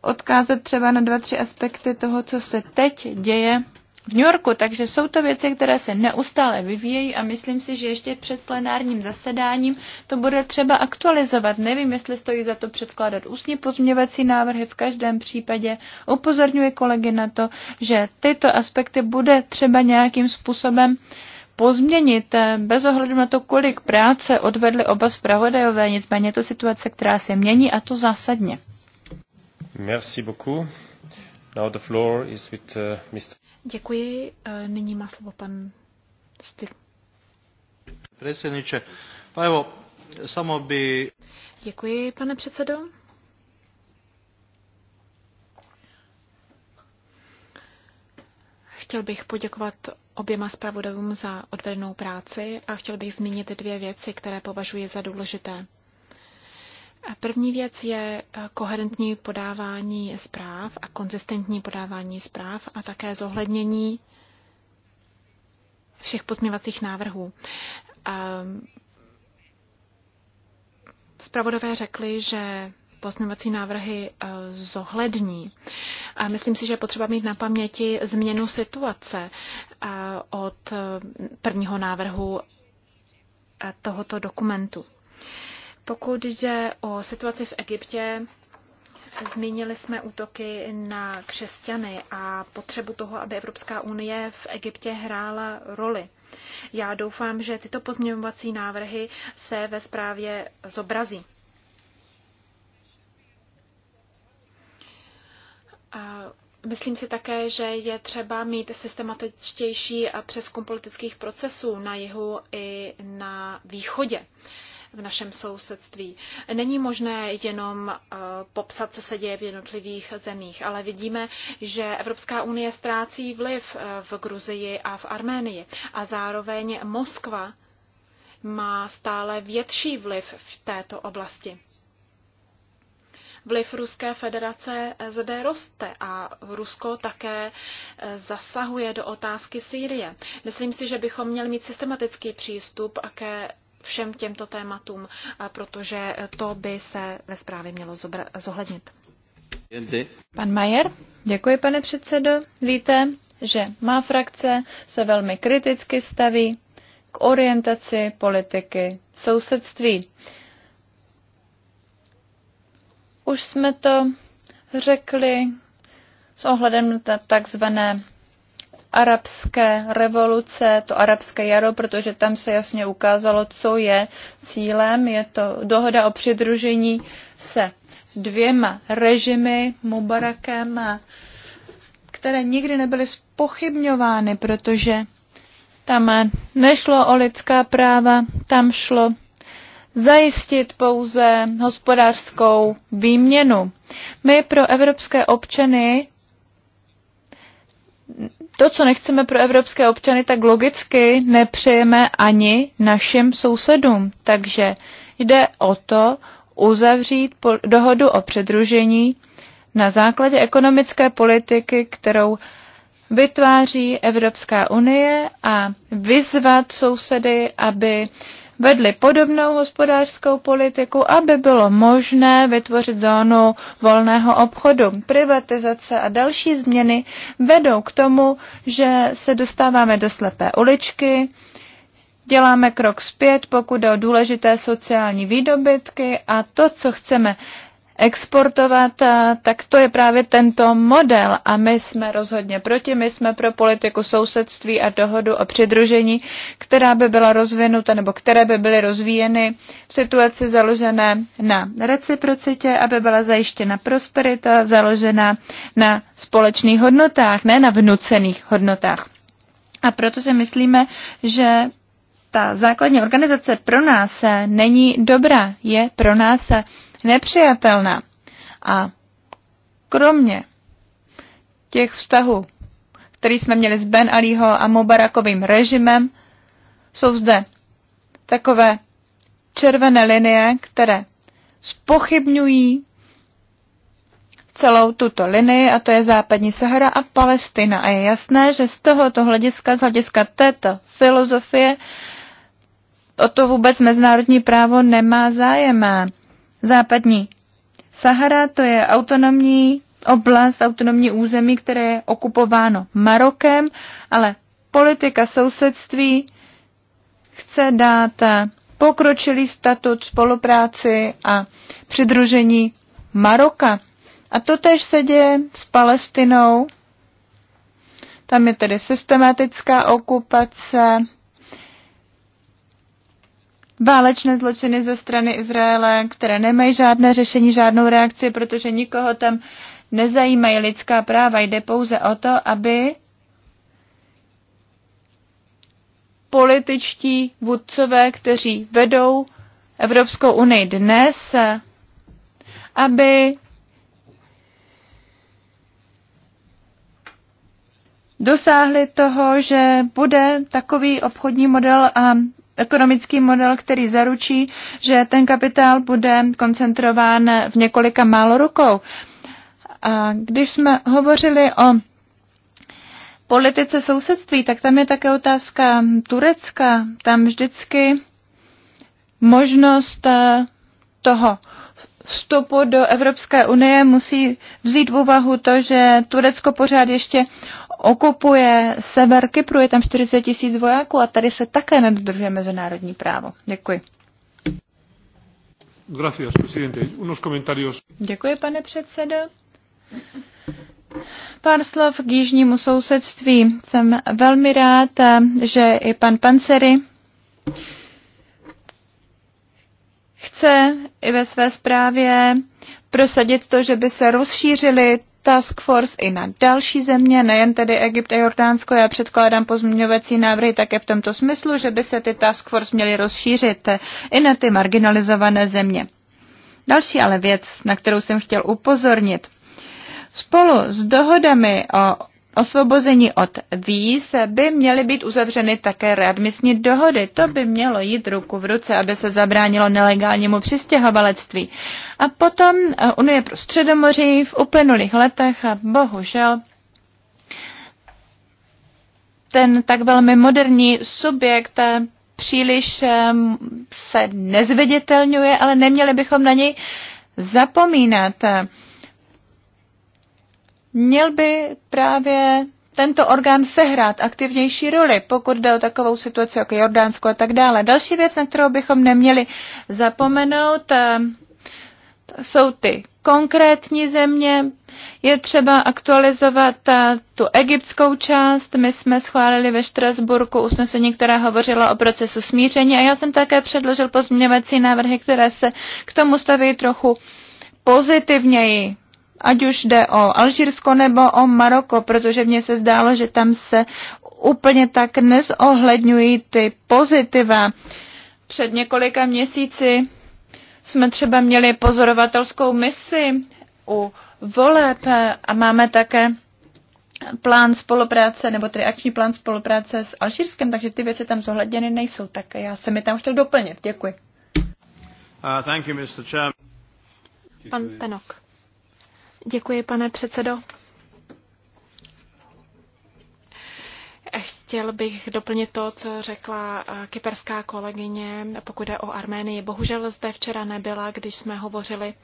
odkázat třeba na dva, tři aspekty toho, co se teď děje v New Yorku. Takže jsou to věci, které se neustále vyvíjejí a myslím si, že ještě před plenárním zasedáním to bude třeba aktualizovat. Nevím, jestli stojí za to předkládat ústní pozměňovací návrhy. V každém případě upozorňuji kolegy na to, že tyto aspekty bude třeba nějakým způsobem pozměnit eh, bez ohledu na to, kolik práce odvedli oba zpravodajové. Nicméně je to situace, která se mění a to zásadně. Děkuji. Nyní má slovo pan Styl. Predsjedniče, pa evo, samo bi... Děkuji, pane předsedo. Chtěl bych poděkovat oběma zpravodajům za odvedenou práci a chtěl bych zmínit dvě věci, které považuji za důležité. První věc je eh, koherentní podávání zpráv a konzistentní podávání zpráv a také zohlednění všech pozměvacích návrhů. Spravodové ehm, řekli, že pozměvací návrhy eh, zohlední. A myslím si, že je potřeba mít na paměti změnu situace eh, od prvního návrhu tohoto dokumentu. Pokud jde o situaci v Egyptě, Zmínili jsme útoky na křesťany a potřebu toho, aby Evropská unie v Egyptě hrála roli. Já doufám, že tyto pozměňovací návrhy se ve zprávě zobrazí. A myslím si také, že je třeba mít systematičtější přeskum politických procesů na jihu i na východě v našem sousedství. Není možné jenom eh, popsat, co se děje v jednotlivých zemích, ale vidíme, že Evropská unie ztrácí vliv eh, v Gruzii a v Arménii a zároveň Moskva má stále větší vliv v této oblasti. Vliv Ruské federace eh, zde roste a Rusko také zasahuje do otázky Sýrie. Myslím si, že bychom měli mít systematický přístup ke všem těmto tématům, protože to by se ve zprávě mělo zohlednit. Pan Majer, děkuji pane předsedo. Víte, že má frakce se velmi kriticky staví k orientaci politiky sousedství. Už jsme to řekli s ohledem na takzvané arabské revoluce, to arabské jaro, protože tam se jasně ukázalo, co je cílem. Je to dohoda o přidružení se dvěma režimy, Mubarakem, které nikdy nebyly spochybňovány, protože tam nešlo o lidská práva, tam šlo zajistit pouze hospodářskou výměnu. My pro evropské občany to, co nechceme pro evropské občany, tak logicky nepřejeme ani našim sousedům. Takže jde o to uzavřít dohodu o předružení na základě ekonomické politiky, kterou vytváří Evropská unie a vyzvat sousedy, aby vedli podobnou hospodářskou politiku, aby bylo možné vytvořit zónu volného obchodu. Privatizace a další změny vedou k tomu, že se dostáváme do slepé uličky, děláme krok zpět, pokud jde o důležité sociální výdobytky a to, co chceme exportovat, tak to je právě tento model. A my jsme rozhodně proti, my jsme pro politiku sousedství a dohodu o přidružení, která by byla rozvinuta nebo které by byly rozvíjeny v situaci založené na reciprocitě, aby byla zajištěna prosperita založená na společných hodnotách, ne na vnucených hodnotách. A proto si myslíme, že ta základní organizace pro nás není dobrá, je pro nás nepřijatelná. A kromě těch vztahů, který jsme měli s Ben Aliho a Mubarakovým režimem, jsou zde takové červené linie, které spochybňují celou tuto linii, a to je západní Sahara a Palestina. A je jasné, že z tohoto hlediska, z hlediska této filozofie, o to vůbec mezinárodní právo nemá zájem. Západní Sahara to je autonomní oblast, autonomní území, které je okupováno Marokem, ale politika sousedství chce dát pokročilý statut spolupráci a přidružení Maroka. A to tež se děje s Palestinou. Tam je tedy systematická okupace válečné zločiny ze strany Izraele, které nemají žádné řešení, žádnou reakci, protože nikoho tam nezajímají lidská práva. Jde pouze o to, aby političtí vůdcové, kteří vedou Evropskou unii dnes, aby dosáhli toho, že bude takový obchodní model a ekonomický model, který zaručí, že ten kapitál bude koncentrován v několika málo rukou. A když jsme hovořili o politice sousedství, tak tam je také otázka Turecka. Tam vždycky možnost eh, toho vstupu do Evropské unie musí vzít v úvahu to, že Turecko pořád ještě okupuje sever Kypru, je tam 40 tisíc vojáků a tady se také nedodržuje mezinárodní právo. Děkuji. Gracias, presidente. Unos comentarios. Děkuji, pane předsedo. Pár slov k jižnímu sousedství. Jsem velmi rád, že i pan Pancery chce i ve své zprávě prosadit to, že by se rozšířily Task Force i na další země, nejen tedy Egypt a Jordánsko. Já předkládám pozměňovací návrhy také v tomto smyslu, že by se ty Task Force měly rozšířit i na ty marginalizované země. Další ale věc, na kterou jsem chtěl upozornit. Spolu s dohodami o Osvobození od víz by měly být uzavřeny také readmisní dohody. To by mělo jít ruku v ruce, aby se zabránilo nelegálnímu přistěhovalectví. A potom eh, Unie pro středomoří v uplynulých letech a bohužel ten tak velmi moderní subjekt eh, příliš eh, se nezveditelňuje, ale neměli bychom na něj zapomínat měl by právě tento orgán sehrát aktivnější roli, pokud jde o takovou situaci jako Jordánsko a tak dále. Další věc, na kterou bychom neměli zapomenout, ehm, jsou ty konkrétní země. Je třeba aktualizovat eh, tu egyptskou část. My jsme schválili ve Štrasburku usnesení, které hovořilo o procesu smíření a já jsem také předložil pozměňovací návrhy, které se k tomu staví trochu pozitivněji ať už jde o Alžírsko nebo o Maroko, protože mně se zdálo, že tam se úplně tak nezohledňují ty pozitiva. Před několika měsíci jsme třeba měli pozorovatelskou misi u voleb a máme také plán spolupráce, nebo tedy akční plán spolupráce s Alžírskem, takže ty věci tam zohledněny nejsou. Tak já jsem mi tam chtěl doplnit. Děkuji. Uh, thank you, Mr. Chairman. Pan Tenok. Děkuji, pane předsedo. Chtěl bych doplnit to, co řekla eh, kyperská kolegyně, pokud jde o Arménii. Bohužel zde včera nebyla, když jsme hovořili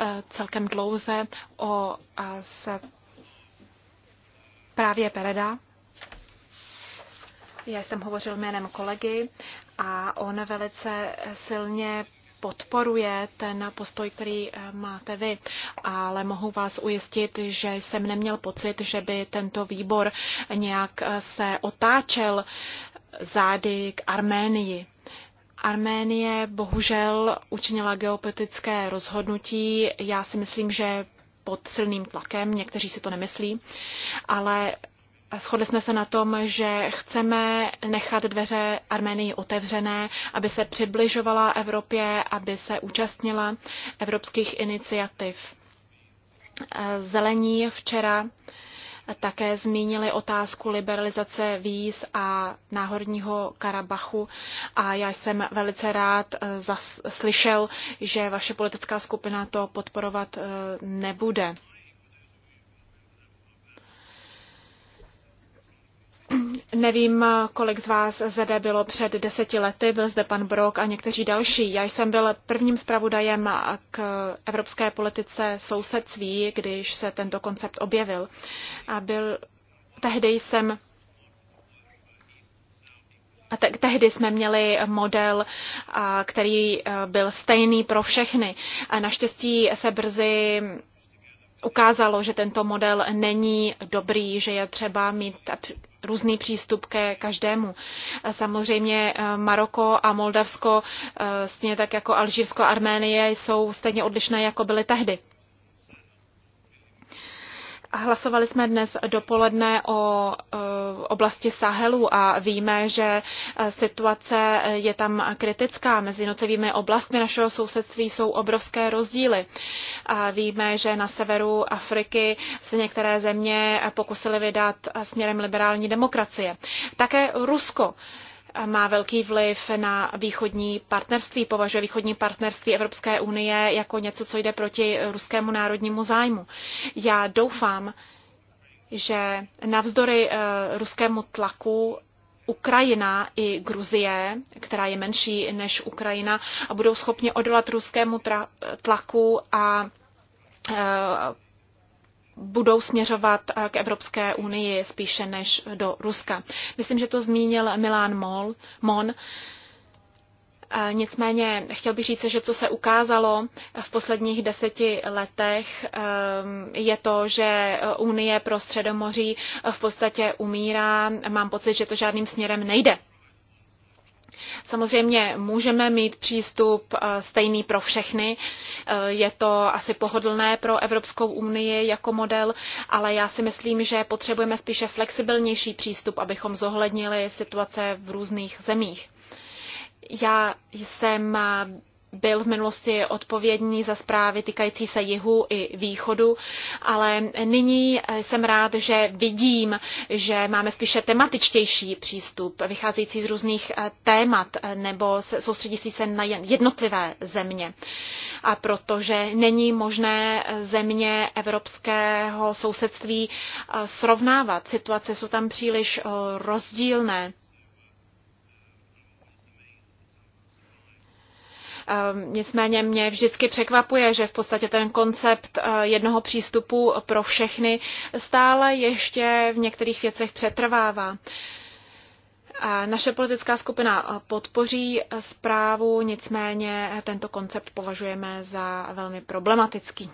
eh, celkem dlouze o s právě Pereda. Já jsem hovořil jménem kolegy a on velice silně podporuje ten postoj, který eh, máte vy, ale mohu vás ujistit, že jsem neměl pocit, že by tento výbor nějak eh, se otáčel zády k Arménii. Arménie bohužel učinila geopolitické rozhodnutí. Já si myslím, že pod silným tlakem, někteří si to nemyslí, ale Shodli jsme se na tom, že chceme nechat dveře Arménii otevřené, aby se přibližovala Evropě, aby se účastnila evropských iniciativ. Zelení včera také zmínili otázku liberalizace víz a náhorního Karabachu a já jsem velice rád e, slyšel, že vaše politická skupina to podporovat e, nebude. Nevím, kolik z vás zde bylo před deseti lety, byl zde pan Brok a někteří další. Já jsem byl prvním zpravodajem k evropské politice sousedství, když se tento koncept objevil. A byl, tehdy jsem a te- tehdy jsme měli model, a, který a, e, byl stejný pro všechny. A naštěstí se brzy ukázalo, že tento model není dobrý, že je třeba mít různý přístup ke každému. Samozřejmě eh, Maroko a Moldavsko, eh, stejně tak jako Alžírsko a Arménie, jsou stejně odlišné, jako byly tehdy. Hlasovali jsme dnes dopoledne o e, oblasti Sahelu a víme, že e, situace je tam kritická. Mezi jednotlivými oblastmi našeho sousedství jsou obrovské rozdíly. A víme, že na severu Afriky se některé země pokusily vydat směrem liberální demokracie. Také Rusko má velký vliv na východní partnerství, považuje východní partnerství Evropské unie jako něco, co jde proti ruskému národnímu zájmu. Já doufám, že navzdory eh, ruskému tlaku Ukrajina i Gruzie, která je menší než Ukrajina, budou schopni odolat ruskému tlaku a eh, budou směřovat eh, k Evropské unii spíše než do Ruska. Myslím, že to zmínil Milan Mol, Mon. Eh, nicméně chtěl bych říct, že co se ukázalo v posledních deseti letech, eh, je to, že Unie pro Středomoří v podstatě umírá. Mám pocit, že to žádným směrem nejde. Samozřejmě můžeme mít přístup eh, stejný pro všechny. Eh, je to asi pohodlné pro Evropskou unii jako model, ale já si myslím, že potřebujeme spíše flexibilnější přístup, abychom zohlednili situace v různých zemích. Já jsem eh, byl v minulosti odpovědný za zprávy týkající se jihu i východu, ale nyní jsem rád, že vidím, že máme spíše tematičtější přístup, vycházející z různých eh, témat nebo soustředící se na jednotlivé země. A protože není možné eh, země evropského sousedství eh, srovnávat, situace jsou tam příliš rozdílné. Ehm, nicméně mě vždycky překvapuje, že v podstatě ten koncept eh, jednoho přístupu pro všechny stále ještě v některých věcech přetrvává. Naše politická skupina eh, podpoří zprávu, nicméně tento koncept považujeme za velmi problematický.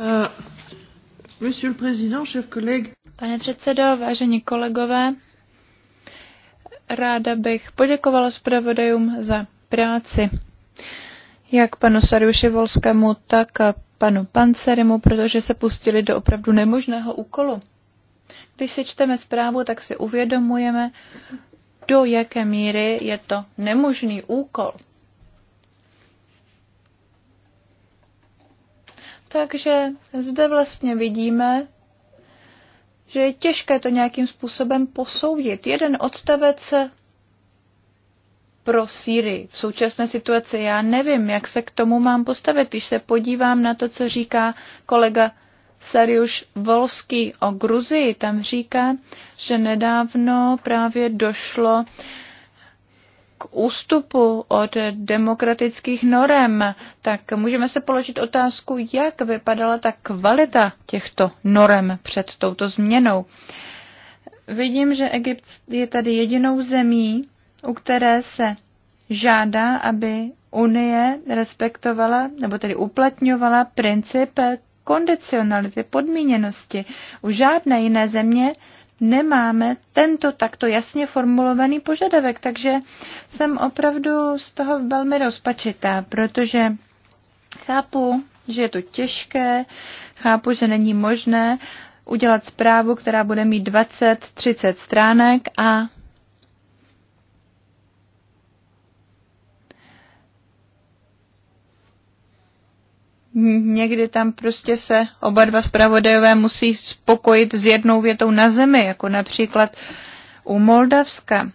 Eh, Pane předsedo, vážení kolegové, ráda bych poděkovala zpravodajům za práci jak panu Sariuši Volskému, tak panu Panceremu, protože se pustili do opravdu nemožného úkolu. Když si čteme zprávu, tak si uvědomujeme, do jaké míry je to nemožný úkol. Takže zde vlastně vidíme, že je těžké to nějakým způsobem posoudit. Jeden odstavec pro Sýrii. V současné situaci já nevím, jak se k tomu mám postavit, když se podívám na to, co říká kolega Sariuš Volský o Gruzii. Tam říká, že nedávno právě došlo k ústupu od demokratických norem, tak můžeme se položit otázku, jak vypadala ta kvalita těchto norem před touto změnou. Vidím, že Egypt je tady jedinou zemí, u které se žádá, aby Unie respektovala, nebo tedy uplatňovala princip kondicionality, podmíněnosti. U žádné jiné země nemáme tento takto jasně formulovaný požadavek, takže jsem opravdu z toho velmi rozpačitá, protože chápu, že je to těžké, chápu, že není možné udělat zprávu, která bude mít 20-30 stránek a někdy tam prostě se oba dva zpravodajové musí spokojit s jednou větou na zemi, jako například u Moldavska.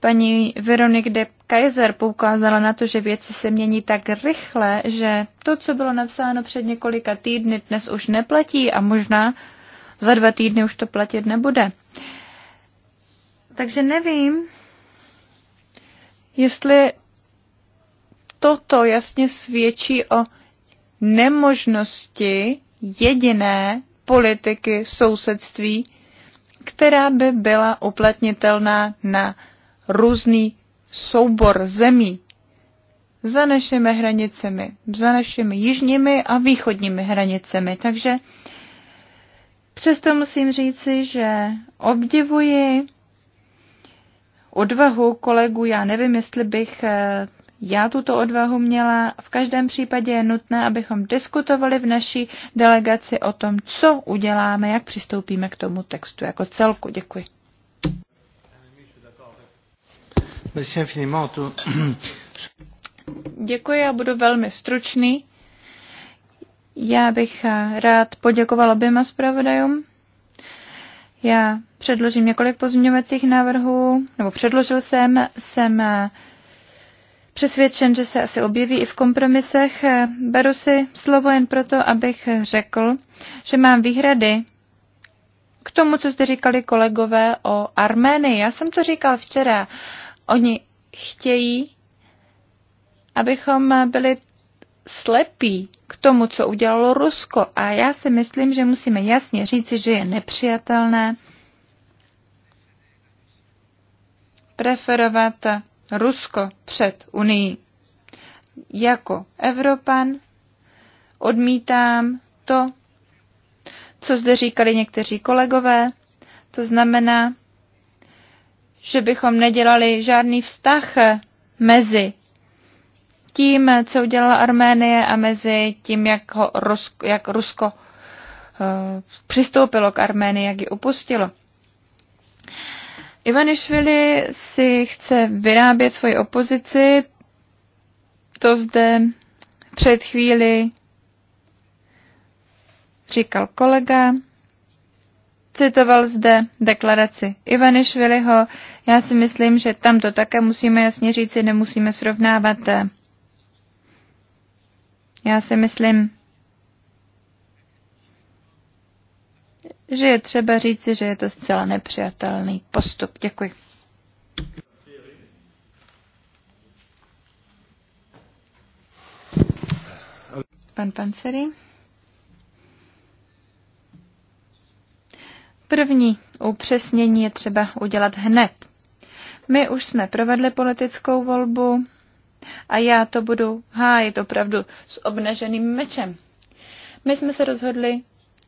Paní Veronik de Kaiser poukázala na to, že věci se mění tak rychle, že to, co bylo napsáno před několika týdny, dnes už neplatí a možná za dva týdny už to platit nebude. Takže nevím, jestli toto jasně svědčí o nemožnosti jediné politiky sousedství, která by byla uplatnitelná na různý soubor zemí za našimi hranicemi, za našimi jižními a východními hranicemi. Takže přesto musím říci, že obdivuji odvahu kolegu. Já nevím, jestli bych eh, já tuto odvahu měla. V každém případě je nutné, abychom diskutovali v naší delegaci o tom, co uděláme, jak přistoupíme k tomu textu jako celku. Děkuji. Děkuji, a budu velmi stručný. Já bych eh, rád poděkoval oběma zpravodajům. Já předložím několik pozměňovacích návrhů, nebo předložil jsem, jsem eh, přesvědčen, že se asi objeví i v kompromisech. Eh, Beru si slovo jen proto, abych řekl, že mám výhrady k tomu, co jste říkali kolegové o Arménii. Já jsem to říkal včera. Oni chtějí, abychom byli slepí k tomu, co udělalo Rusko. A já si myslím, že musíme jasně říci, že je nepřijatelné preferovat Rusko před Unii. Jako Evropan odmítám to, co zde říkali někteří kolegové, to znamená, že bychom nedělali žádný vztah mezi tím, co udělala Arménie a mezi tím, jak, ho Rusko, jak Rusko eh, přistoupilo k Arménii, jak ji upustilo. Ivanišvili si chce vyrábět svoji opozici, to zde před chvíli říkal kolega, citoval zde deklaraci Ivanišviliho. Já si myslím, že tam to také musíme jasně říci, nemusíme srovnávat. Já si myslím, že je třeba říci, že je to zcela nepřijatelný postup. Děkuji. Pan Panceri. První upřesnění je třeba udělat hned. My už jsme provedli politickou volbu a já to budu hájit opravdu s obnaženým mečem. My jsme se rozhodli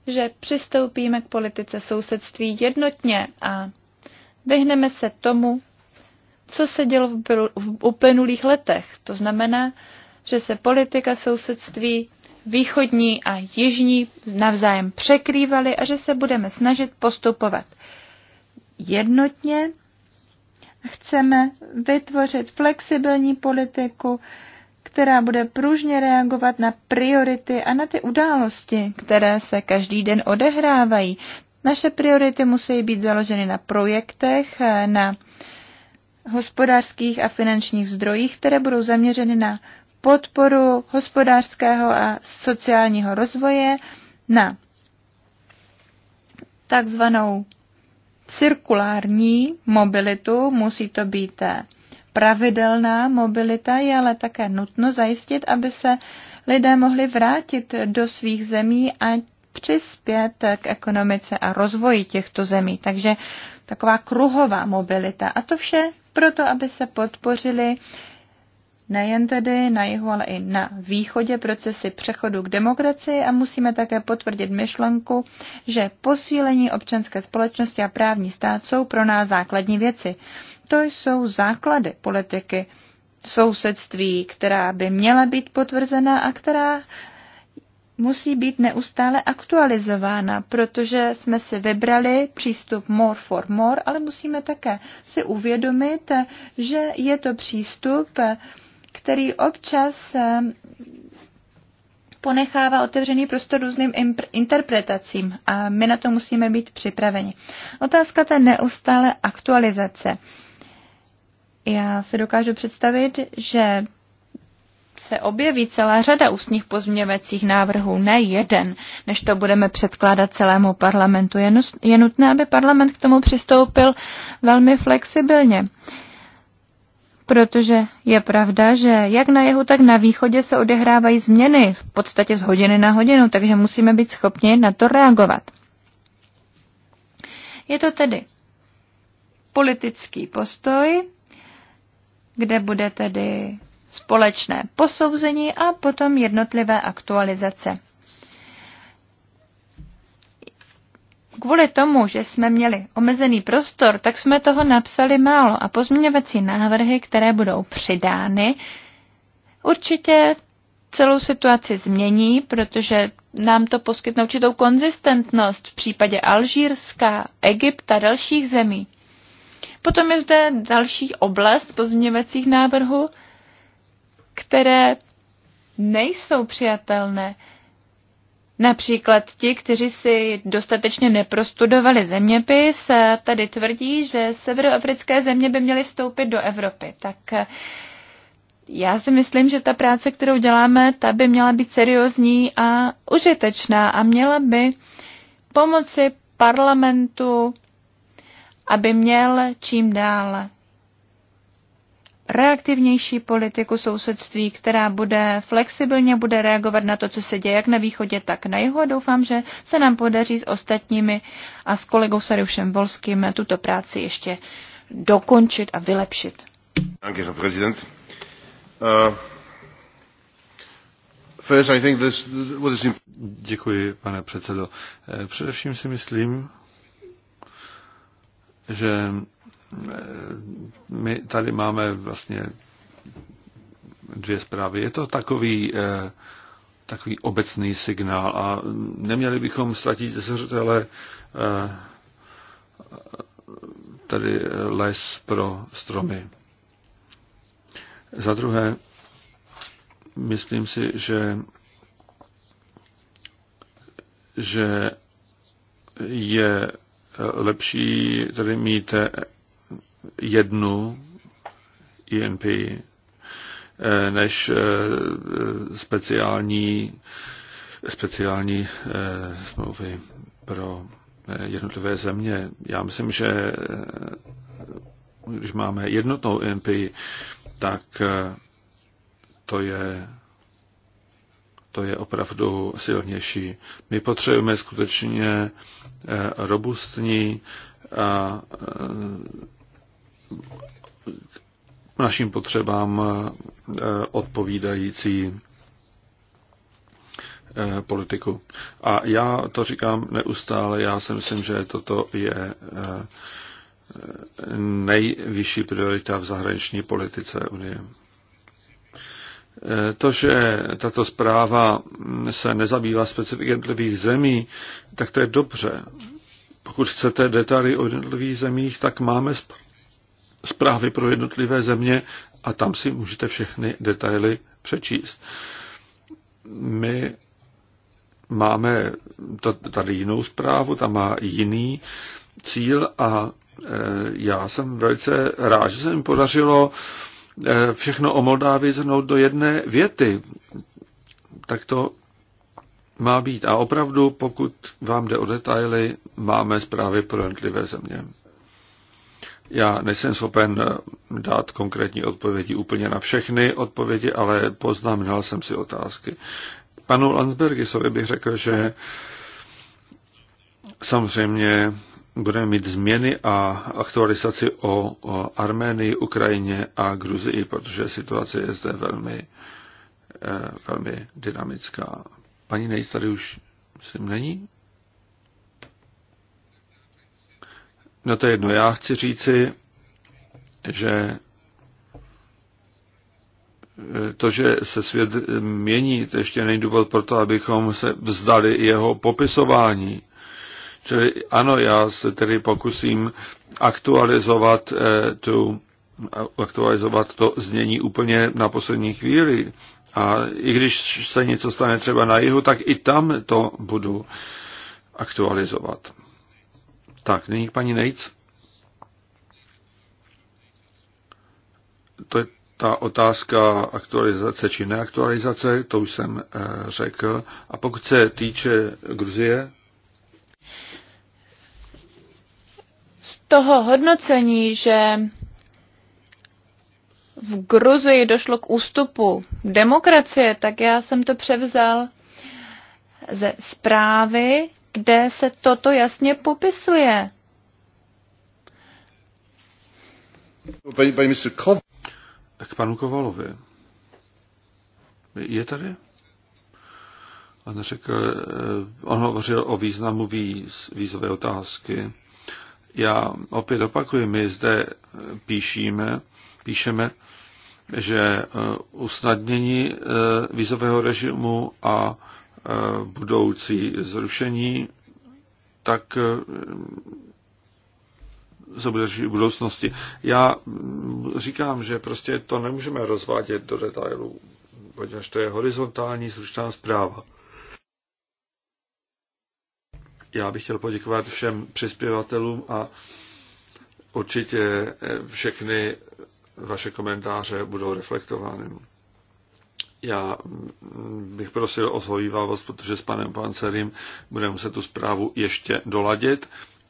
že přistoupíme k politice sousedství jednotně a vyhneme se tomu, co se dělo v uplynulých letech. To znamená, že se politika sousedství východní a jižní navzájem překrývaly a že se budeme snažit postupovat jednotně. Chceme vytvořit flexibilní politiku, která bude pružně reagovat na priority a na ty události, které se každý den odehrávají. Naše priority musí být založeny na projektech, na hospodářských a finančních zdrojích, které budou zaměřeny na podporu hospodářského a sociálního rozvoje, na takzvanou cirkulární mobilitu, musí to být eh, pravidelná mobilita, je ale také nutno zajistit, aby se lidé mohli vrátit do svých zemí a přispět k ekonomice a rozvoji těchto zemí. Takže taková kruhová mobilita. A to vše proto, aby se podpořili Nejen tedy na jihu, ale i na východě procesy přechodu k demokracii a musíme také potvrdit myšlenku, že posílení občanské společnosti a právní stát jsou pro nás základní věci. To jsou základy politiky sousedství, která by měla být potvrzena a která musí být neustále aktualizována, protože jsme si vybrali přístup more for more, ale musíme také si uvědomit, že je to přístup, který občas eh, ponechává otevřený prostor různým interpretacím a my na to musíme být připraveni. Otázka té neustále aktualizace. Já se dokážu představit, že se objeví celá řada ústních pozměňovacích návrhů, ne jeden, než to budeme předkládat celému parlamentu. Je nutné, aby parlament k tomu přistoupil velmi flexibilně protože je pravda, že jak na jihu, tak na východě se odehrávají změny v podstatě z hodiny na hodinu, takže musíme být schopni na to reagovat. Je to tedy politický postoj, kde bude tedy společné posouzení a potom jednotlivé aktualizace. kvůli tomu, že jsme měli omezený prostor, tak jsme toho napsali málo a pozměňovací návrhy, které budou přidány, určitě celou situaci změní, protože nám to poskytne určitou konzistentnost v případě Alžírska, Egypta, dalších zemí. Potom je zde další oblast pozměňovacích návrhů, které nejsou přijatelné. Například ti, kteří si dostatečně neprostudovali zeměpis, tady tvrdí, že severoafrické země by měly vstoupit do Evropy. Tak eh, já si myslím, že ta práce, kterou děláme, ta by měla být seriózní a užitečná a měla by pomoci parlamentu, aby měl čím dál reaktivnější politiku sousedství, která bude flexibilně, bude reagovat na to, co se děje jak na východě, tak na jihu. A doufám, že se nám podaří s ostatními a s kolegou Sarušem Volským tuto práci ještě dokončit a vylepšit. Thank you, President. Uh, first, I think this, what is Děkuji, pane předsedo. Eh, především si myslím, že my tady máme vlastně dvě zprávy. Je to takový, eh, takový obecný signál a neměli bychom ztratit zřetele eh, tady les pro stromy. Za druhé, myslím si, že že je lepší tady mít jednu INP e eh, než eh, speciální, speciální eh, smlouvy pro jednotlivé země. Já myslím, že když máme jednotnou INP, e tak to je to je opravdu silnější. My potřebujeme skutečně robustní a našim potřebám eh, odpovídající eh, politiku. A já to říkám neustále, já si myslím, že toto je eh, nejvyšší priorita v zahraniční politice Unie. To, že tato zpráva se nezabývá specifik jednotlivých zemí, tak to je dobře. Pokud chcete detaily o jednotlivých zemích, tak máme zprávy pro jednotlivé země a tam si můžete všechny detaily přečíst. My máme tady jinou zprávu, tam má jiný cíl a e, já jsem velice rád, že se mi podařilo e, všechno o Moldávii zhrnout do jedné věty. Tak to má být. A opravdu, pokud vám jde o detaily, máme zprávy pro jednotlivé země. Já nejsem schopen eh, dát konkrétní odpovědi úplně na všechny odpovědi, ale poznamenal jsem si otázky. Panu Landsbergisovi bych řekl, že samozřejmě budeme mít změny a aktualizaci o, Arménii, Ukrajině a Gruzii, protože situace je zde velmi, eh, velmi dynamická. Paní Nejc tady už myslím není? No to je jedno, já chci říci, že e, to, že se svět mění, to ještě není důvod pro to, abychom se vzdali jeho popisování. Čili ano, já se tedy pokusím aktualizovat e, tu aktualizovat to znění úplně na poslední chvíli. A i když se něco stane třeba na jihu, tak i tam to budu aktualizovat. Tak, nyní paní Nejc. To je ta otázka aktualizace či neaktualizace, to už jsem eh, řekl. A pokud se týče Gruzie, z toho hodnocení, že v Gruzii došlo k ústupu demokracie, tak já jsem to převzal ze zprávy kde se toto jasně popisuje. K panu Kovalovi. Je tady? On řekl, eh, on hovořil o významu víz, vízové otázky. Já opět opakuju, my zde eh, píšíme, píšeme, že eh, usnadnění vízového režimu a budoucí zrušení, tak se eh, bude řešit v budoucnosti. Já říkám, že prostě to nemůžeme rozvádět do detailů, protože to je horizontální zrušená zpráva. Já bych chtěl poděkovat všem přispěvatelům a určitě eh, všechny vaše komentáře budou reflektovány. Já mm, bych prosil o zhovývavost, protože s panem Pancerem budeme muset tu zprávu ještě doladit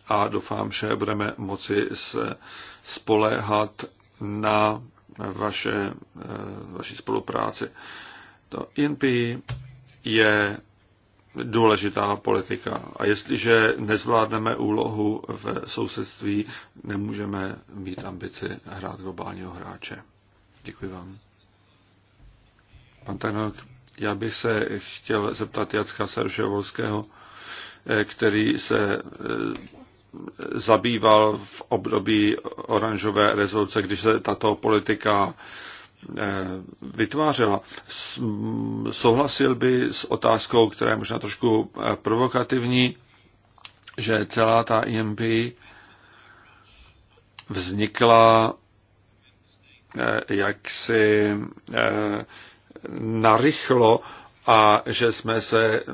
a doufám, že budeme moci se spoléhat na vaše, eh, vaši spolupráci. To INP je důležitá politika a jestliže nezvládneme úlohu v sousedství, nemůžeme mít ambici hrát globálního hráče. Děkuji vám. Pan Tenok, já bych se chtěl zeptat Jacka Serževolského, eh, který se eh, zabýval v období oranžové rezoluce, když se tato politika eh, vytvářela. Souhlasil by s otázkou, která je možná trošku provokativní, že celá ta IMP vznikla jaksi narychlo a že jsme se eh,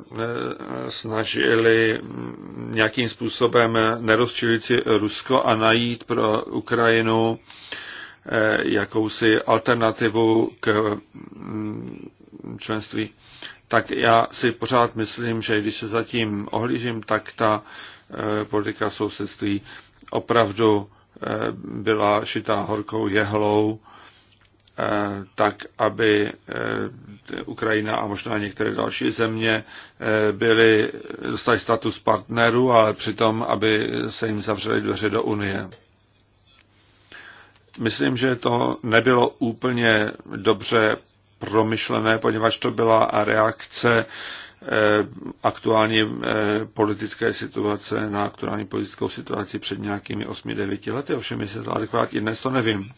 snažili nějakým způsobem nerozčilit si Rusko a najít pro Ukrajinu eh, jakousi alternativu k mm, členství, tak já si pořád myslím, že když se zatím ohlížím, tak ta eh, politika sousedství opravdu byla šitá horkou jehlou Eh, tak, aby eh, Ukrajina a možná některé další země eh, byly, dostali status partnerů, ale přitom, aby se jim zavřely dveře do Unie. Myslím, že to nebylo úplně dobře promyšlené, poněvadž to byla reakce aktuální politické situace na aktuální politickou situaci před nějakými 8-9 lety. Ovšem, jestli to adekvátní dnes, to nevím.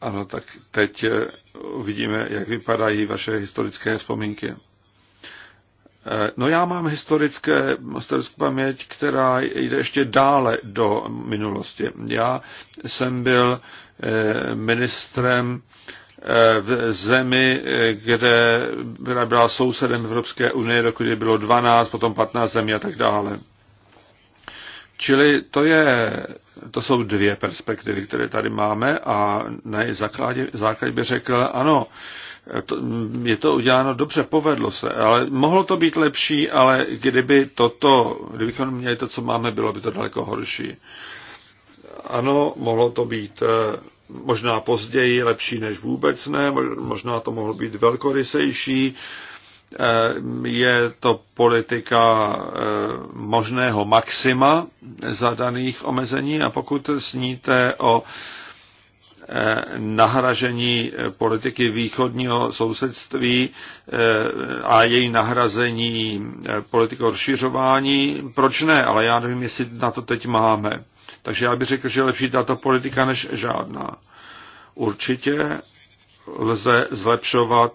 Ano, tak teď eh, uvidíme, jak vypadají vaše historické vzpomínky. Eh, no já mám historické, historickou paměť, která jde ještě dále do minulosti. Já jsem byl eh, ministrem v zemi, kde byla sousedem Evropské unie, dokud je bylo 12, potom 15 zemí a tak dále. Čili to je to jsou dvě perspektivy, které tady máme a na její základě, základě by řekl, ano, to, je to uděláno dobře, povedlo se, ale mohlo to být lepší, ale kdyby toto, kdybychom měli to, co máme, bylo by to daleko horší. Ano, mohlo to být eh, možná později lepší než vůbec ne, možná to mohlo být velkorysejší, Eh, je to politika eh, možného maxima zadaných omezení a pokud sníte o eh, nahražení politiky východního sousedství a její nahrazení politikou rozšiřování, proč ne, ale já nevím, jestli na to teď máme. Takže já bych řekl, že je lepší tato politika než žádná. Určitě lze zlepšovat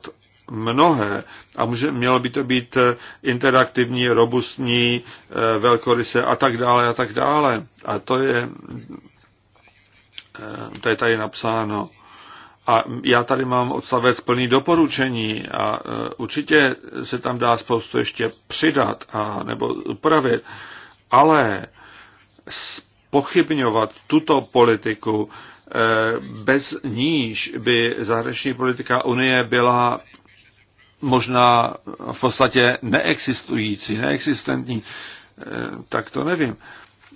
mnohé a může, mělo by to být eh, interaktivní, robustní, eh, velkoryse a tak dále a tak dále. A to je, eh, to je tady napsáno. A já tady mám odstavec plný doporučení a určitě se tam dá spoustu ještě přidat a nebo upravit, ale pochybňovat tuto politiku bez níž by zahraniční politika Unie byla možná v podstatě neexistující, neexistentní, eh, tak to nevím.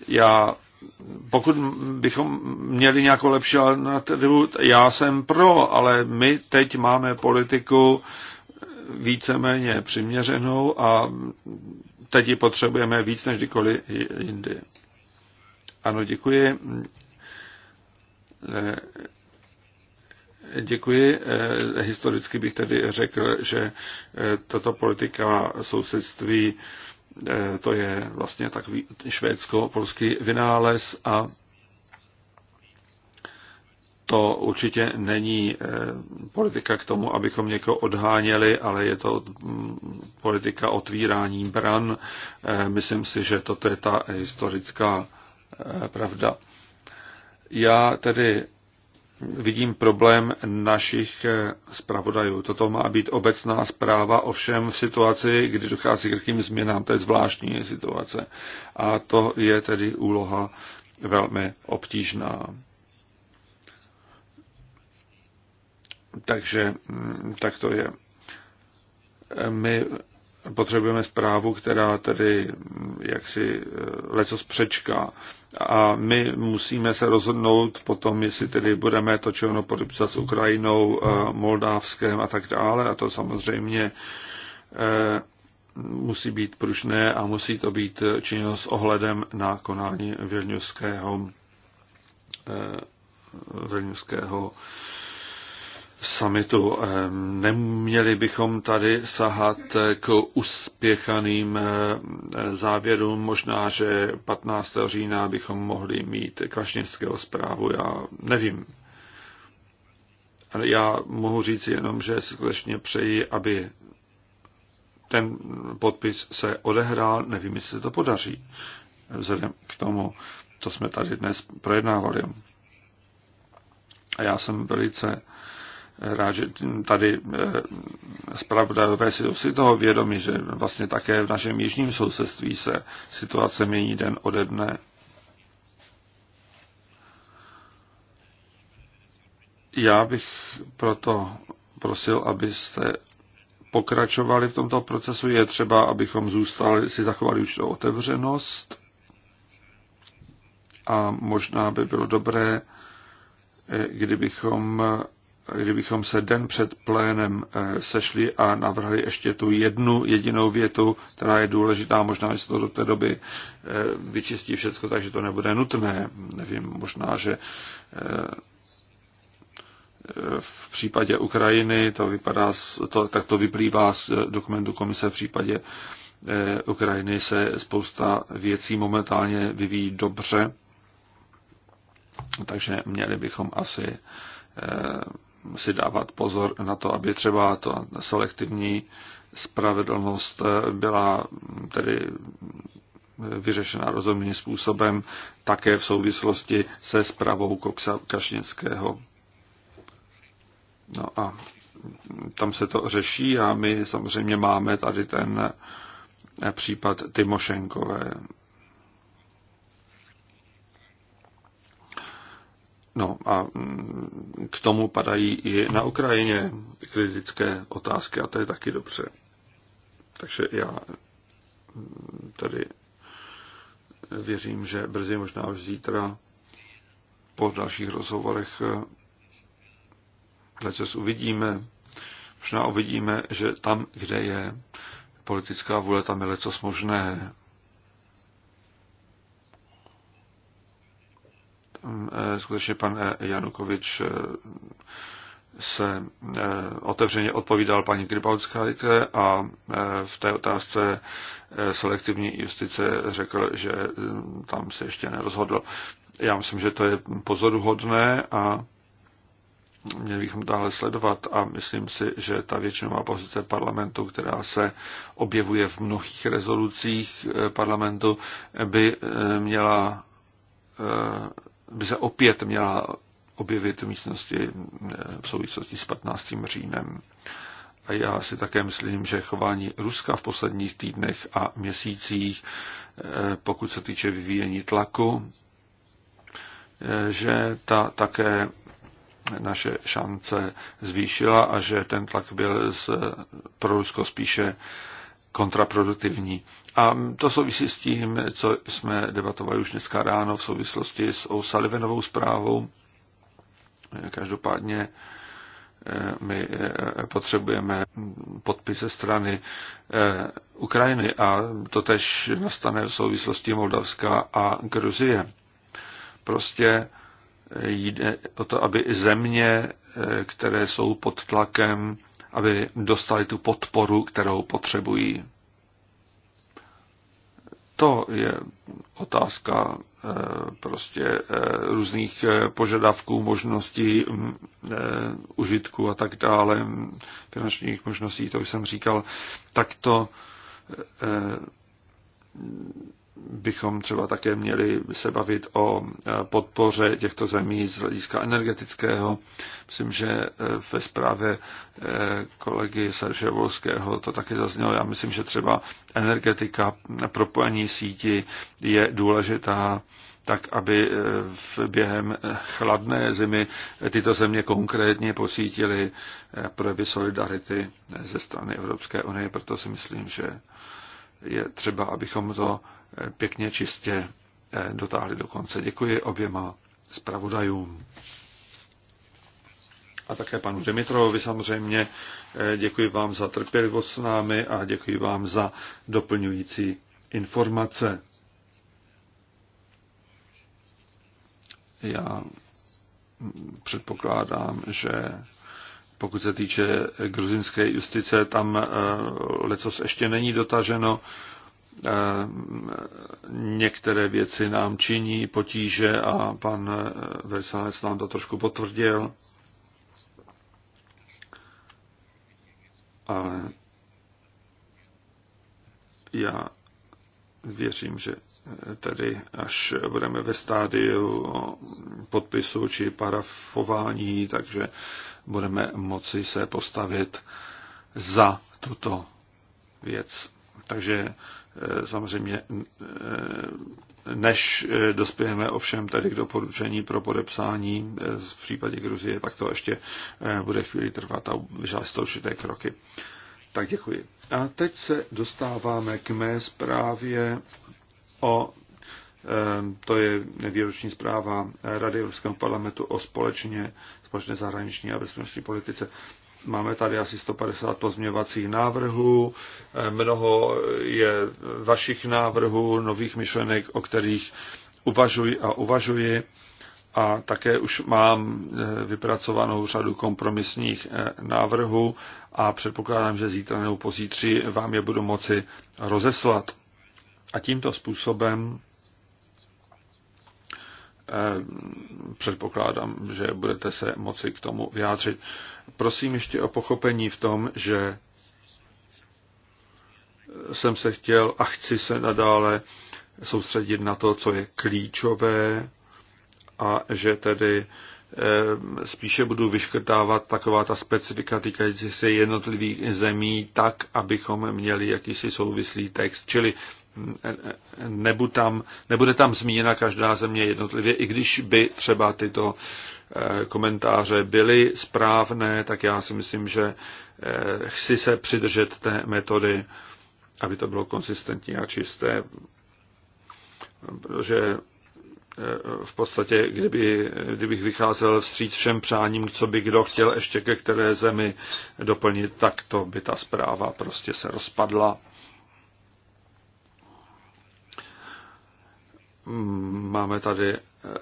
Já, pokud bychom měli nějakou lepší alternativu, já jsem pro, ale my teď máme politiku víceméně přiměřenou a teď ji potřebujeme víc než kdykoliv jindy. Ano, děkuji. Eh, Děkuji. Eh, historicky bych tedy řekl, že eh, tato politika sousedství eh, to je vlastně takový švédsko-polský vynález a to určitě není politika k tomu, abychom někoho odháněli, ale je to mm, politika otvírání bran. Myslím si, že toto je ta historická pravda. Já tedy vidím problém našich eh, zpravodajů. Toto má být obecná zpráva, ovšem v situaci, kdy dochází k jakým změnám, to je zvláštní situace. A to je tedy úloha velmi obtížná. Takže mm, tak to je. Eh, my potřebujeme zprávu, která tedy mm, jaksi eh, leco zpřečká. A my musíme se rozhodnout potom, jestli tedy budeme to či ono podepsat s Ukrajinou, eh, Moldávskem a tak dále. A to samozřejmě eh, musí být pružné a musí to být činěno s ohledem na konání Vilniuského, summitu. Eh, neměli bychom tady sahat eh, k uspěchaným eh, závěrům. Možná, že 15. října bychom mohli mít kašnického zprávu, já nevím. Ale já mohu říct jenom, že skutečně přeji, aby ten podpis se odehrál, nevím, jestli se to podaří, vzhledem k tomu, co jsme tady dnes projednávali. A já jsem velice rád, že tady eh, zpravodajové jsou si toho vědomí, že vlastně také v našem jižním sousedství se situace mění den ode dne. Já bych proto prosil, abyste pokračovali v tomto procesu. Je třeba, abychom zůstali, si zachovali určitou otevřenost a možná by bylo dobré, eh, kdybychom kdybychom se den před plénem eh, sešli a navrhli ještě tu jednu jedinou větu, která je důležitá, možná, že se to do té doby eh, vyčistí všechno, takže to nebude nutné. Nevím, možná, že eh, v případě Ukrajiny, to vypadá, to, tak to vyplývá z dokumentu komise v případě Ukrajiny se spousta věcí momentálně vyvíjí dobře, takže měli bychom asi si dávat pozor na to, aby třeba to selektivní spravedlnost eh, byla mm, tedy eh, vyřešena rozumným způsobem také v souvislosti se zprávou Koksa Kašnického. No a tam se to řeší a my samozřejmě máme tady ten eh, případ Tymošenkové. No a mm, k tomu padají i na Ukrajině kritické otázky a to je taky dobře. Takže já mm, tady věřím, že brzy možná už zítra po dalších rozhovorech eh, letos uvidíme, možná uvidíme, že tam, kde je politická vůle, tam je lecos možné. Eh, skutečně pan eh, Janukovič eh, se otevřeně odpovídal paní Grybauskajte a v té otázce selektivní justice řekl, že hm, tam se ještě nerozhodl. Já myslím, že to je pozoruhodné a měli bychom dále sledovat a myslím si, že ta většinová pozice parlamentu, která se objevuje v mnohých rezolucích parlamentu, by měla by se opět měla objevit v místnosti eh, v souvislosti s 15. říjnem. A já si také myslím, že chování Ruska v posledních týdnech a měsících, eh, pokud se týče vyvíjení tlaku, eh, že ta také naše šance zvýšila a že ten tlak byl z, pro Rusko spíše kontraproduktivní. A to souvisí s tím, co jsme debatovali už dneska ráno v souvislosti s O'Sullivanovou zprávou. Každopádně eh, my eh, potřebujeme podpis ze strany eh, Ukrajiny a to tež nastane v souvislosti Moldavska a Gruzie. Prostě jde o to, aby země, které jsou pod tlakem, aby dostali tu podporu, kterou potřebují. To je otázka eh, prostě eh, různých eh, požadavků, možností, mm, užitku a tak dále, finančních možností, to už jsem říkal, tak to bychom třeba také měli se bavit o e, podpoře těchto zemí z hlediska energetického. Myslím, že e, ve zprávě e, kolegy Serže Volského to také zaznělo. Já myslím, že třeba energetika, propojení síti je důležitá tak aby v během chladné zimy tyto země konkrétně posítily projevy solidarity ze strany Evropské unie. Proto si myslím, že je třeba, abychom to eh, pěkně čistě eh, dotáhli do konce. Děkuji oběma zpravodajům. A také panu Dimitrovovi samozřejmě. Eh, děkuji vám za trpělivost s námi a děkuji vám za doplňující informace. Já předpokládám, že pokud se týče gruzinské justice, tam eh, lecos ještě není dotaženo. Eh, některé věci nám činí potíže a pan eh, Versanec nám to trošku potvrdil. Ale já věřím, že tedy až budeme ve stádiu podpisu či parafování, takže budeme moci se postavit za tuto věc. Takže e, samozřejmě, e, než e, dospějeme ovšem tady k doporučení pro podepsání v případě Gruzie, tak to ještě bude chvíli trvat a vyžádat to určité kroky. Tak děkuji. A teď se dostáváme k mé zprávě o to je výroční zpráva Rady Evropského parlamentu o společně společné zahraniční a bezpečnostní politice. Máme tady asi 150 pozměňovacích návrhů, eh, mnoho je vašich návrhů, nových myšlenek, o kterých uvažuji a uvažuji. A také už mám eh, vypracovanou řadu kompromisních eh, návrhů a předpokládám, že zítra nebo pozítří vám je budu moci rozeslat. A tímto způsobem Eh, předpokládám, že budete se moci k tomu vyjádřit. Prosím ještě o pochopení v tom, že jsem se chtěl a chci se nadále soustředit na to, co je klíčové a že tedy eh, spíše budu vyškrtávat taková ta specifika týkající se jednotlivých zemí tak, abychom měli jakýsi souvislý text. Čili nebu tam, nebude tam zmíněna každá země jednotlivě, i když by třeba tyto eh, komentáře byly správné, tak já si myslím, že eh, chci se přidržet té metody, aby to bylo konsistentní a čisté, protože eh, v podstatě, kdyby, kdybych vycházel vstříc všem přáním, co by kdo chtěl ještě ke které zemi doplnit, tak to by ta zpráva prostě se rozpadla. Máme tady eh,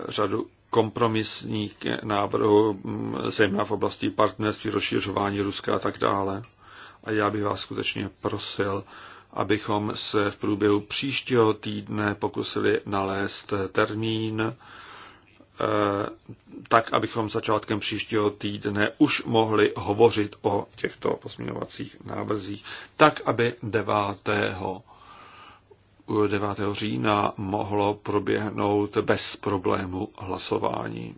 řadu kompromisních návrhů, mm, zejména v oblasti partnerství, rozšiřování Ruska a tak dále. A já bych vás skutečně prosil, abychom se v průběhu příštího týdne pokusili nalézt termín, eh, tak, abychom začátkem příštího týdne už mohli hovořit o těchto posměňovacích návrzích, tak, aby 9. 9. října mohlo proběhnout bez problému hlasování.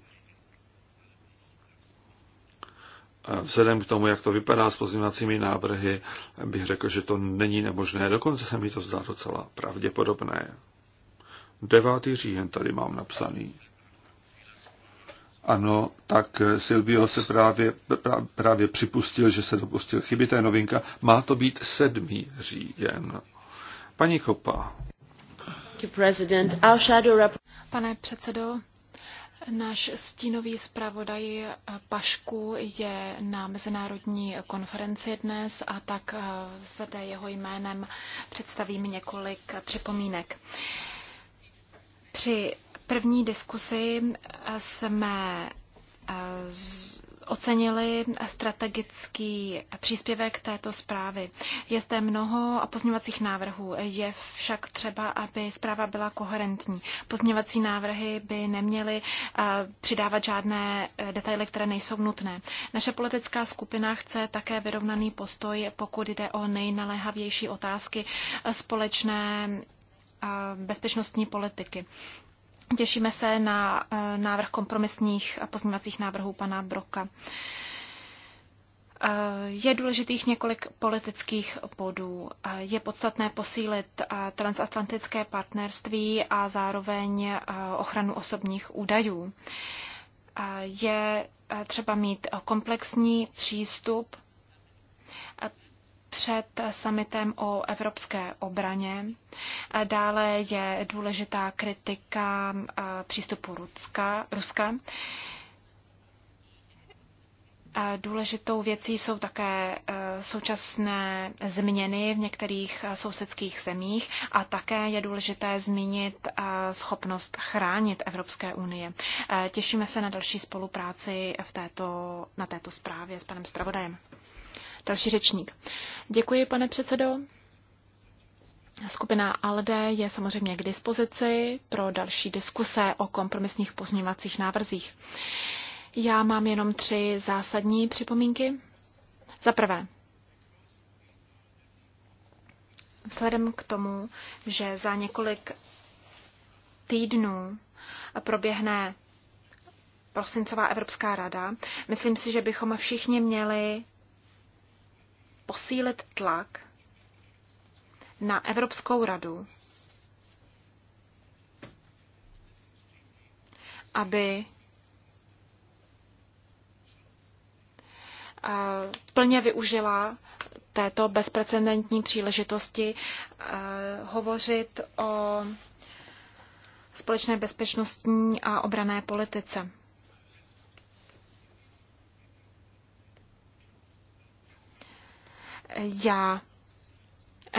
Vzhledem k tomu, jak to vypadá s pozměňovacími návrhy, bych řekl, že to není nemožné. Dokonce se mi to zdá docela pravděpodobné. 9. říjen tady mám napsaný. Ano, tak Silvio se právě, právě připustil, že se dopustil chyby, to je novinka. Má to být 7. říjen. Paní Chopa. Pane předsedo, náš stínový zpravodaj Pašku je na mezinárodní konferenci dnes a tak eh, zde jeho jménem představím několik připomínek. Při první diskusi jsme eh, ocenili strategický příspěvek této zprávy. Je zde mnoho pozměňovacích návrhů, je však třeba, aby zpráva byla koherentní. Pozměňovací návrhy by neměly eh, přidávat žádné eh, detaily, které nejsou nutné. Naše politická skupina chce také vyrovnaný postoj, pokud jde o nejnaléhavější otázky eh, společné bezpečnostní politiky. Těšíme se na eh, návrh kompromisních a pozměňovacích návrhů pana Broka. Eh, je důležitých několik politických bodů. Eh, je podstatné posílit transatlantické partnerství a zároveň ochranu osobních údajů. Je třeba mít komplexní přístup před summitem o evropské obraně. Dále je důležitá kritika přístupu Ruska. Ruska. Důležitou věcí jsou také současné změny v některých sousedských zemích a také je důležité zmínit schopnost chránit Evropské unie. Těšíme se na další spolupráci v této, na této zprávě s panem Stravodajem. Další řečník. Děkuji, pane předsedo. Skupina ALDE je samozřejmě k dispozici pro další diskuse o kompromisních pozměňovacích návrzích. Já mám jenom tři zásadní připomínky. Za prvé, vzhledem k tomu, že za několik týdnů proběhne prosincová Evropská rada, myslím si, že bychom všichni měli posílit tlak na Evropskou radu, aby eh, plně využila této bezprecedentní příležitosti eh, hovořit o společné bezpečnostní a obrané politice. Já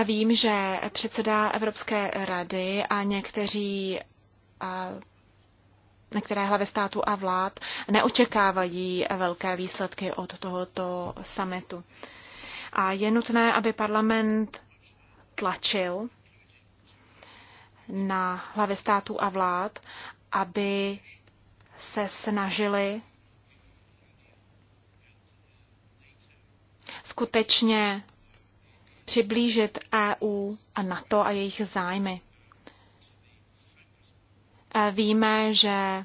vím, že předseda Evropské rady a někteří některé hlavy států a vlád neočekávají velké výsledky od tohoto summitu. A je nutné, aby parlament tlačil na hlavy států a vlád, aby se snažili skutečně přiblížit EU a NATO a jejich zájmy. E, víme, že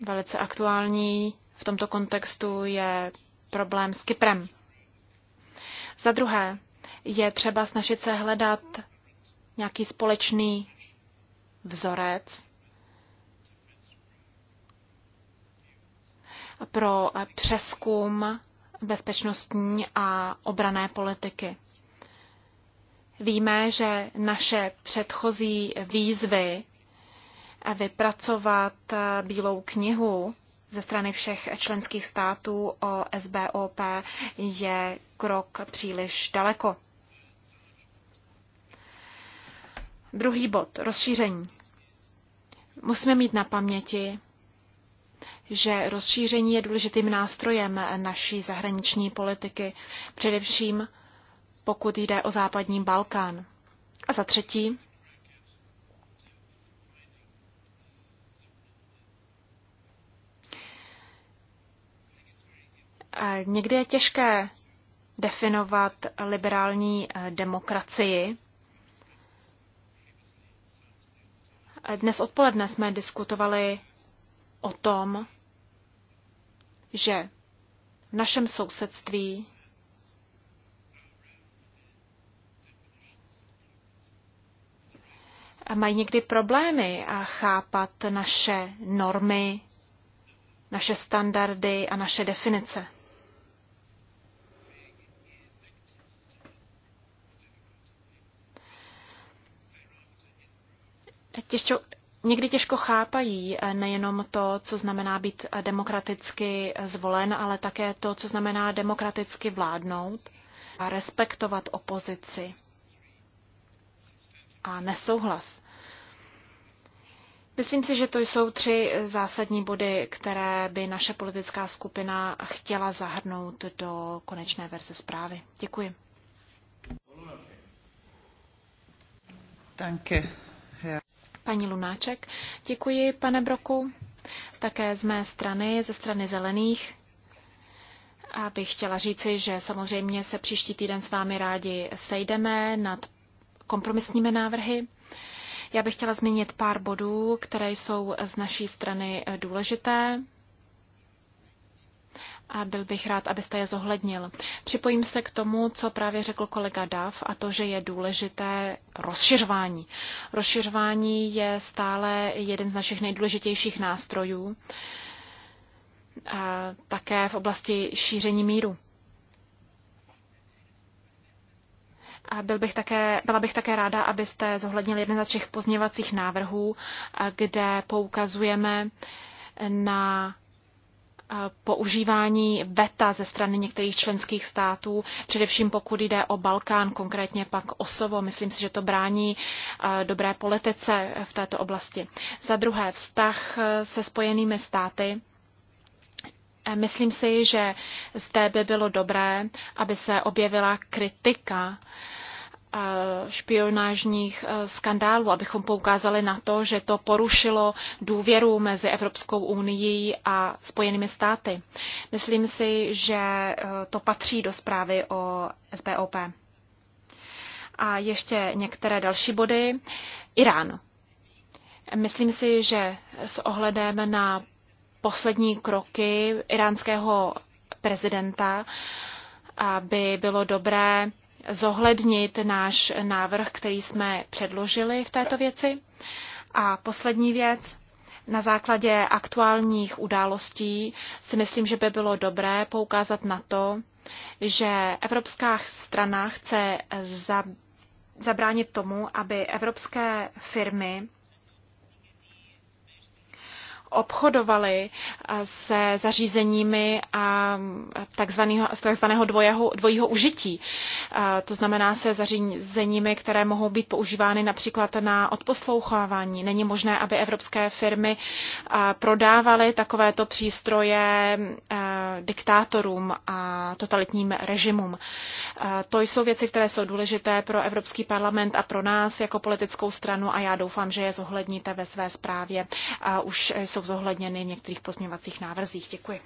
velice aktuální v tomto kontextu je problém s Kyprem. Za druhé, je třeba snažit se hledat nějaký společný vzorec pro e, přeskum bezpečnostní a obrané politiky. Víme, že naše předchozí výzvy eh, vypracovat eh, bílou knihu ze strany všech členských států o SBOP je krok příliš daleko. Druhý bod, rozšíření. Musíme mít na paměti, že rozšíření je důležitým nástrojem naší zahraniční politiky, především pokud jde o západní Balkán. A za třetí, někdy je těžké definovat liberální eh, demokracii. Dnes odpoledne jsme diskutovali o tom, že v našem sousedství mají někdy problémy a chápat naše normy, naše standardy a naše definice někdy těžko chápají eh, nejenom to, co znamená být eh, demokraticky eh, zvolen, ale také to, co znamená demokraticky vládnout a respektovat opozici a nesouhlas. Myslím si, že to jsou tři zásadní body, které by naše politická skupina chtěla zahrnout do konečné verze zprávy. Děkuji. Danke. Paní Lunáček, děkuji, pane Broku. Také z mé strany, ze strany zelených, a bych chtěla říci, že samozřejmě se příští týden s vámi rádi sejdeme nad kompromisními návrhy. Já bych chtěla zmínit pár bodů, které jsou z naší strany důležité a byl bych rád, abyste je zohlednil. Připojím se k tomu, co právě řekl kolega Dav a to, že je důležité rozšiřování. Rozšiřování je stále jeden z našich nejdůležitějších nástrojů, a také v oblasti šíření míru. A byl bych také, byla bych také ráda, abyste zohlednili jeden z těch pozměvacích návrhů, kde poukazujeme na Eh, používání veta ze strany některých členských států, především pokud jde o Balkán, konkrétně pak Osovo. Myslím si, že to brání eh, dobré politice v této oblasti. Za druhé, vztah eh, se spojenými státy. Myslím si, že zde by bylo dobré, aby se objevila kritika uh, špionážních e, skandálů, abychom poukázali na to, že to porušilo důvěru mezi Evropskou unii a Spojenými státy. Myslím si, že e, to patří do zprávy o SBOP. A ještě některé další body. Irán. Myslím si, že s ohledem na poslední kroky iránského prezidenta by bylo dobré zohlednit náš návrh, který jsme předložili v této věci. A poslední věc, na základě aktuálních událostí si myslím, že by bylo dobré poukázat na to, že evropská strana chce zabránit tomu, aby evropské firmy obchodovali se zařízeními a takzvaného, takzvaného dvojeho, dvojího užití. To znamená se zařízeními, které mohou být používány například na odposlouchávání. Není možné, aby evropské firmy prodávaly takovéto přístroje diktátorům a totalitním režimům. To jsou věci, které jsou důležité pro Evropský parlament a pro nás jako politickou stranu a já doufám, že je zohledníte ve své zprávě. Už jsou zohledněny v některých pozměňovacích návrzích. Děkuji.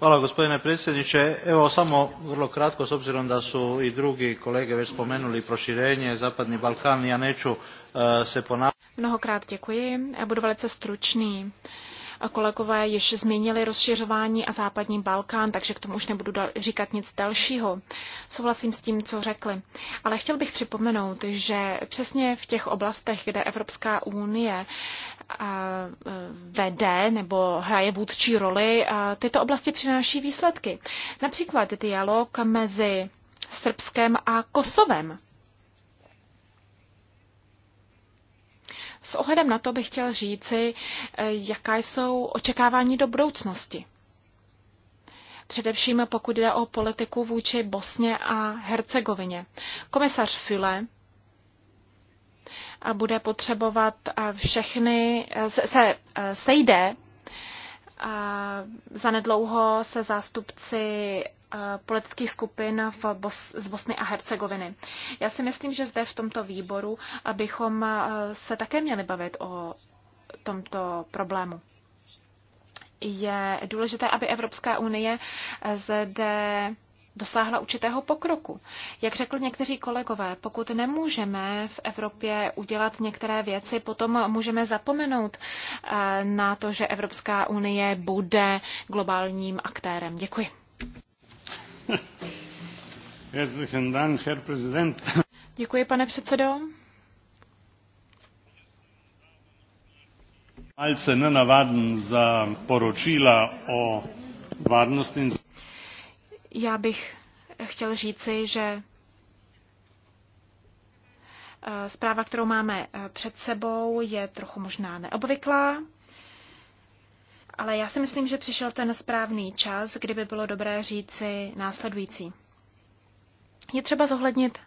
Hvala gospodine predsjedniče. Evo samo vrlo kratko s obzirom da su i drugi kolege već spomenuli proširenje Zapadni Balkan, ja neću uh, se ponavljati. Mnohokrát děkuji. Já budu velice stručný. Uh, a kolegové již zmínili rozšiřování a západní Balkán, takže k tomu už nebudu říkat nic dalšího. Souhlasím s tím, co řekli. Ale chtěl bych připomenout, že přesně v těch oblastech, kde Evropská unie eh, vede nebo hraje vůdčí roli, eh, tyto oblasti přináší výsledky. Například dialog mezi Srbskem a Kosovem. S ohledem na to bych chtěl říci, eh, jaká jsou očekávání do budoucnosti. Především pokud jde o politiku vůči Bosně a Hercegovině. Komisař File eh, bude potřebovat eh, všechny, se, se sejde zanedlouho se zástupci Eh, politických skupin v Bos- z Bosny a Hercegoviny. Já si myslím, že zde v tomto výboru bychom eh, se také měli bavit o tomto problému. Je důležité, aby Evropská unie eh, zde dosáhla určitého pokroku. Jak řekl někteří kolegové, pokud nemůžeme v Evropě udělat některé věci, potom můžeme zapomenout na to, že Evropská unie bude globálním aktérem. Děkuji. Děkuji, pane předsedo. malce nenavaden za poročila o varnosti. Já bych chtěl říci, že eh, zpráva, kterou máme eh, před sebou, je trochu možná neobvyklá. Ale já si myslím, že přišel ten správný čas, kdyby bylo dobré říci následující. Je třeba zohlednit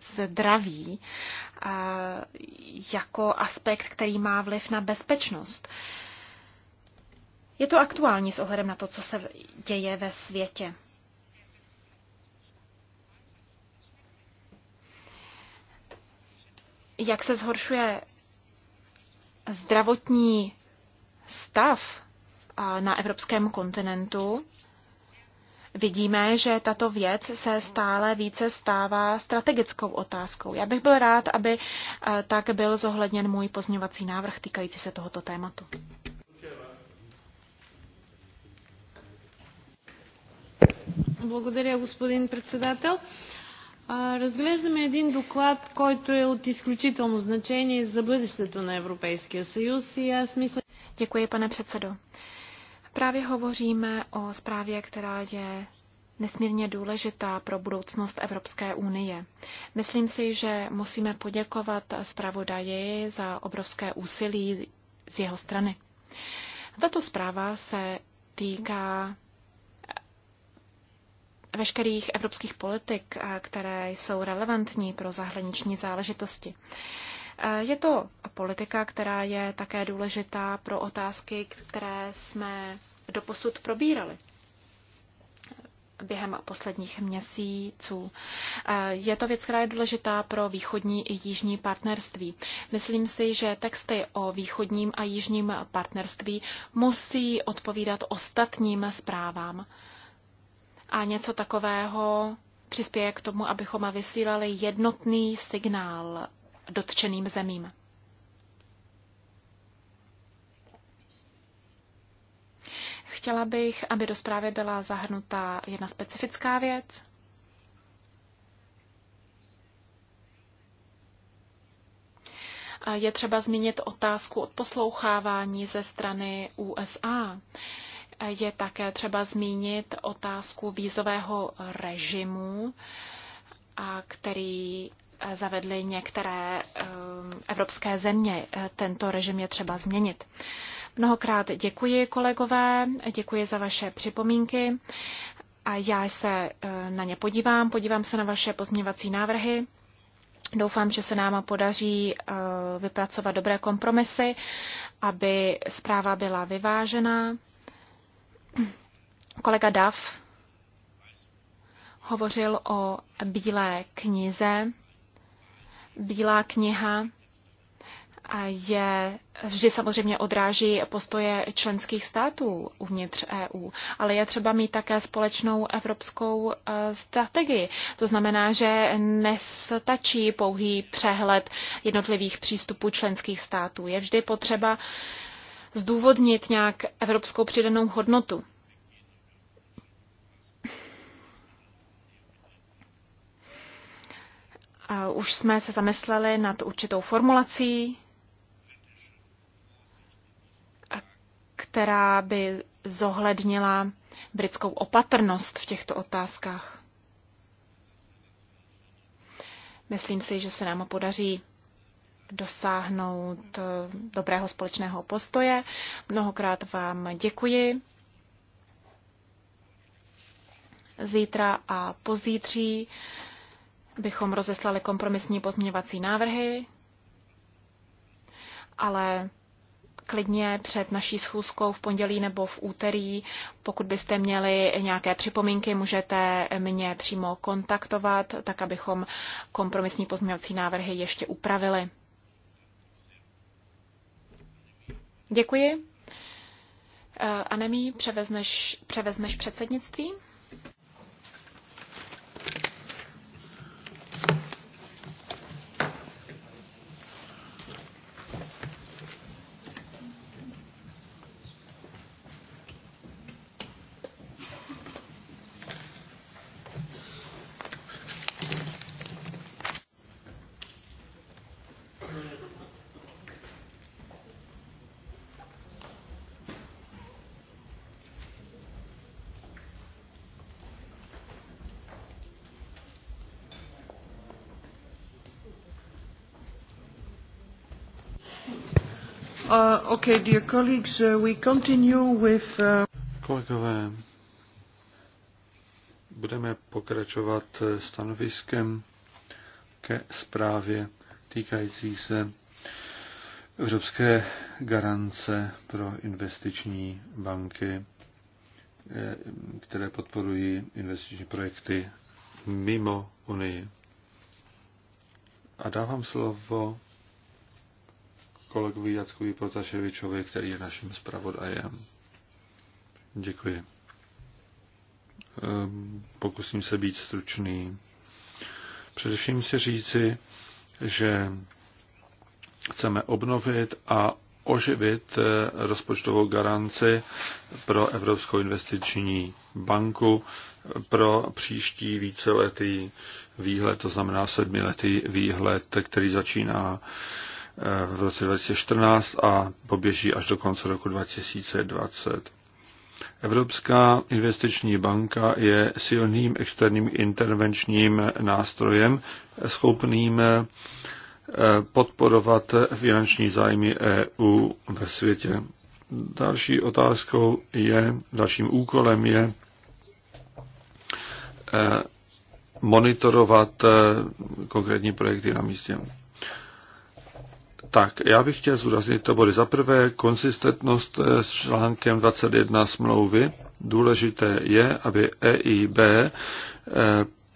zdraví jako aspekt, který má vliv na bezpečnost. Je to aktuální s ohledem na to, co se děje ve světě. Jak se zhoršuje zdravotní stav na evropském kontinentu, vidíme, že tato věc se stále více stává strategickou otázkou. Já bych byl rád, aby eh, tak byl zohledněn můj pozměňovací návrh týkající se tohoto tématu. Благодаря, господин председател. Разглеждаме един доклад, който е от изключително значение за бъдещето на Европейския съюз и аз мисля, Děkuji, pane předsedo. Právě hovoříme o zprávě, která je nesmírně důležitá pro budoucnost Evropské unie. Myslím si, že musíme poděkovat zpravodaji za obrovské úsilí z jeho strany. Tato zpráva se týká veškerých evropských politik, které jsou relevantní pro zahraniční záležitosti. Eh, je to politika, která je také důležitá pro otázky, které jsme doposud probírali eh, během posledních měsíců. Eh, je to věc, která je důležitá pro východní i jižní partnerství. Myslím si, že texty o východním a jižním partnerství musí odpovídat ostatním zprávám. A něco takového přispěje k tomu, abychom vysílali jednotný signál dotčeným zemím. Chtěla bych, aby do zprávy byla zahrnuta jedna specifická věc. Je třeba zmínit otázku odposlouchávání ze strany USA. Je také třeba zmínit otázku vízového režimu, a který zavedly některé um, evropské země. Tento režim je třeba změnit. Mnohokrát děkuji kolegové, děkuji za vaše připomínky a já se uh, na ně podívám, podívám se na vaše pozměňovací návrhy. Doufám, že se nám podaří uh, vypracovat dobré kompromisy, aby zpráva byla vyvážená. Kolega Dav hovořil o bílé knize Bílá kniha je vždy samozřejmě odráží postoje členských států uvnitř EU, ale je třeba mít také společnou evropskou e, strategii. To znamená, že nestačí pouhý přehled jednotlivých přístupů členských států. Je vždy potřeba zdůvodnit nějak evropskou přidanou hodnotu. Už jsme se zamysleli nad určitou formulací, která by zohlednila britskou opatrnost v těchto otázkách. Myslím si, že se nám podaří dosáhnout eh, dobrého společného postoje. Mnohokrát vám děkuji. Zítra a pozítří bychom rozeslali kompromisní pozměňovací návrhy, ale klidně před naší schůzkou v pondělí nebo v úterý. Pokud byste měli nějaké připomínky, můžete mě přímo kontaktovat, tak abychom kompromisní pozměňovací návrhy ještě upravili. Děkuji. Anemí, převezneš, převezneš předsednictví? Okay, dear colleagues, uh, we continue with... Uh... Kolegové, budeme pokračovat uh, stanoviskem ke zprávě týkající se Evropské garance pro investiční banky, eh, které podporují investiční projekty mimo Unii. A dávám slovo kolegovi Jackovi Protaševičovi, který je naším zpravodajem. Děkuji. Ehm, pokusím se být stručný. Především si říci, že chceme obnovit a oživit eh, rozpočtovou garanci pro Evropskou investiční banku pro příští víceletý výhled, to znamená sedmiletý výhled, který začíná v roce 2014 a poběží až do konce roku 2020. Evropská investiční banka je silným externím intervenčním nástrojem, schopným eh, podporovat finanční zájmy EU ve světě. Další otázkou je, dalším úkolem je eh, monitorovat eh, konkrétní projekty na místě tak, já bych chtěl zúraznit to body. Za prvé, konsistentnost eh, s článkem 21 smlouvy. Důležité je, aby EIB eh,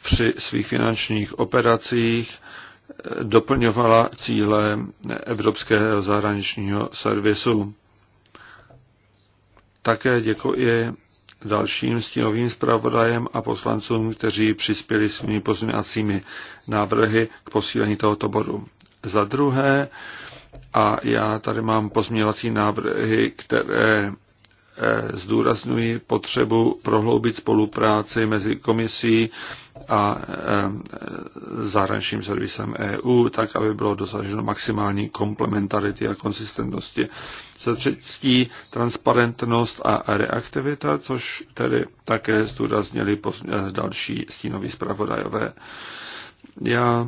při svých finančních operacích eh, doplňovala cíle Evropského zahraničního servisu. Také děkuji dalším stínovým zpravodajem a poslancům, kteří přispěli svými pozměňovacími návrhy k posílení tohoto bodu. Za druhé, a já tady mám pozměňovací návrhy, které eh, zdůraznují potřebu prohloubit spolupráci mezi komisí a eh, zahraničním servisem EU, tak aby bylo dosaženo maximální komplementarity a konsistentnosti. Za třetí, transparentnost a reaktivita, což tedy také zdůraznili eh, další stínoví zpravodajové. Já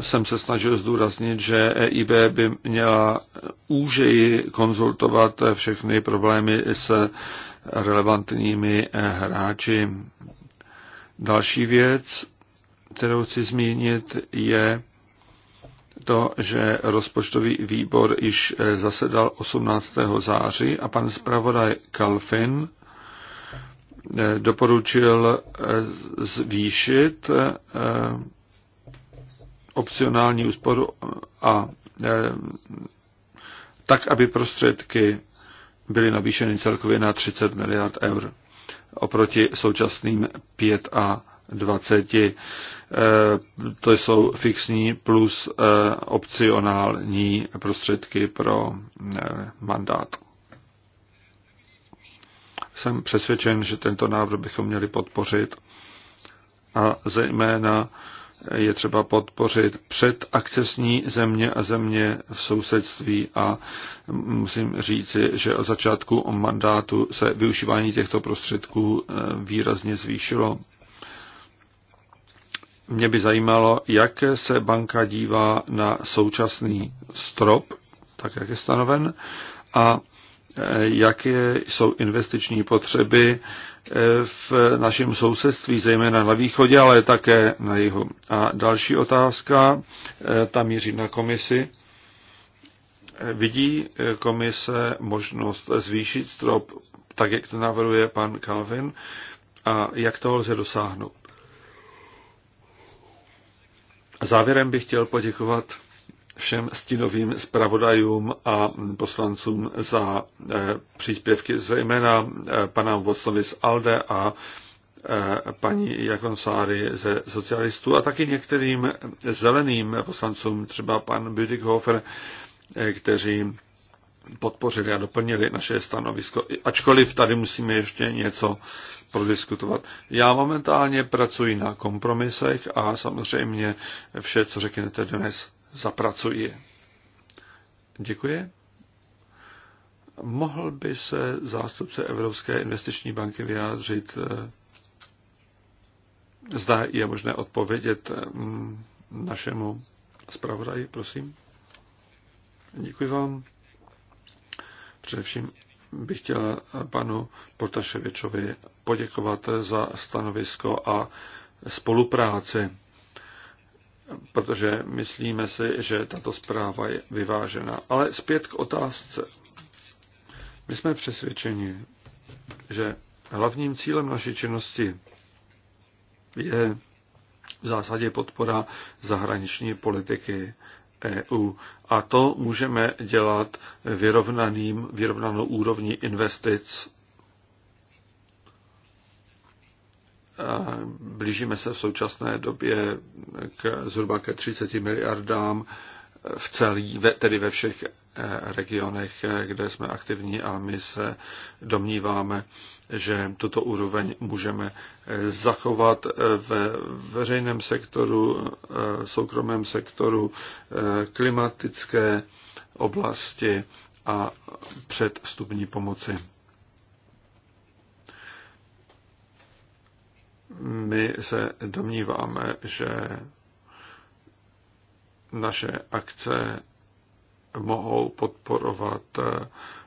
jsem se snažil zdůraznit, že EIB by měla úžeji konzultovat všechny problémy s relevantními eh, hráči. Další věc, kterou chci zmínit, je to, že rozpočtový výbor již eh, zasedal 18. září a pan zpravodaj Kalfin eh, doporučil zvýšit opcionální úsporu a e, tak, aby prostředky byly navýšeny celkově na 30 miliard eur oproti současným 5 a 20. E, to jsou fixní plus e, opcionální prostředky pro mandát. Jsem přesvědčen, že tento návrh bychom měli podpořit a zejména je třeba podpořit předakcesní země a země v sousedství a musím říci, že od začátku mandátu se využívání těchto prostředků eh, výrazně zvýšilo. Mě by zajímalo, jak se banka dívá na současný strop, tak jak je stanoven, a jaké jsou investiční potřeby eh, v našem sousedství, zejména na východě, ale také na jihu. A další otázka, eh, tam míří na komisi. Eh, vidí komise možnost zvýšit strop, tak jak to navrhuje pan Calvin, a jak toho lze dosáhnout? Závěrem bych chtěl poděkovat všem stinovým zpravodajům a poslancům za eh, příspěvky, zejména eh, pana Voclovi z ALDE a eh, paní Jakonsáry ze socialistů a taky některým zeleným poslancům, třeba pan Büdighofer, kteří podpořili a doplnili naše stanovisko, ačkoliv tady musíme ještě něco prodiskutovat. Já momentálně pracuji na kompromisech a samozřejmě vše, co řeknete dnes, zapracuji. Děkuji. Mohl by se zástupce Evropské investiční banky vyjádřit, eh, zda je možné odpovědět mm, našemu zpravodaji, prosím. Děkuji vám. Především bych chtěl panu Portaševičovi poděkovat za stanovisko a spolupráci protože myslíme si, že tato zpráva je vyvážená. Ale zpět k otázce. My jsme přesvědčeni, že hlavním cílem naší činnosti je v zásadě podpora zahraniční politiky EU. A to můžeme dělat vyrovnaným, vyrovnanou úrovní investic Blížíme se v současné době k zhruba ke 30 miliardám v celý, tedy ve všech eh, regionech, eh, kde jsme aktivní a my se domníváme, že tuto úroveň můžeme eh, zachovat ve veřejném sektoru, soukromém sektoru, klimatické oblasti a předstupní pomoci. my se domníváme, že naše akce mohou podporovat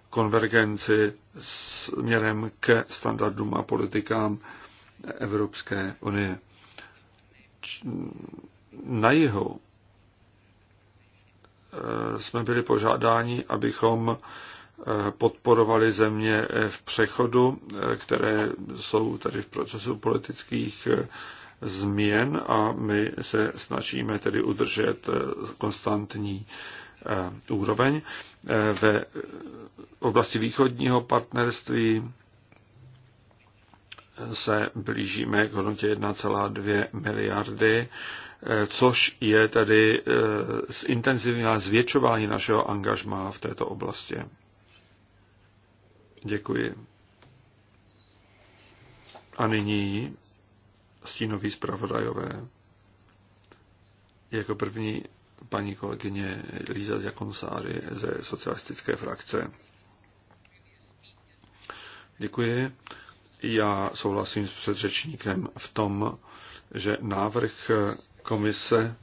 konvergenci směrem ke standardům a politikám Evropské unie. Na jihu jsme byli požádáni, abychom podporovali země v přechodu, které jsou tady v procesu politických změn a my se snažíme tedy udržet konstantní eh, úroveň. Eh, ve oblasti východního partnerství eh, se blížíme k hodnotě 1,2 miliardy, což je tedy zintenzivní zvětšování našeho angažmá v této oblasti. Děkuji. A nyní stínoví zpravodajové. Jako první paní kolegyně Líza Jakonsáry ze socialistické frakce. Děkuji. Já souhlasím s předřečníkem v tom, že návrh komise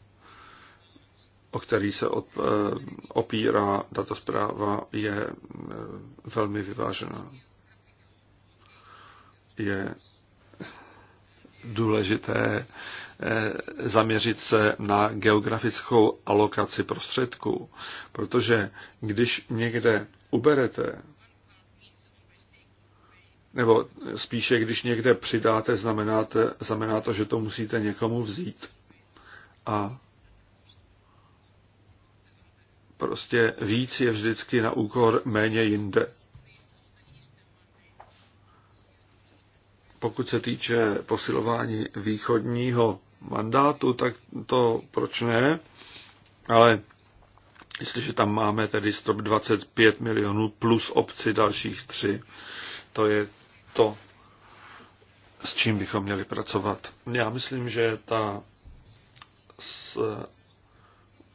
o který se eh, opírá tato zpráva, je eh, velmi vyvážená. Je důležité eh, zaměřit se na geografickou alokaci prostředků, protože když někde uberete, nebo spíše když někde přidáte, znamená to, znamená to že to musíte někomu vzít. A Prostě víc je vždycky na úkor méně jinde. Pokud se týče posilování východního mandátu, tak to proč ne, ale jestliže tam máme tedy strop 25 milionů plus obci dalších tři, to je to, s čím bychom měli pracovat. Já myslím, že ta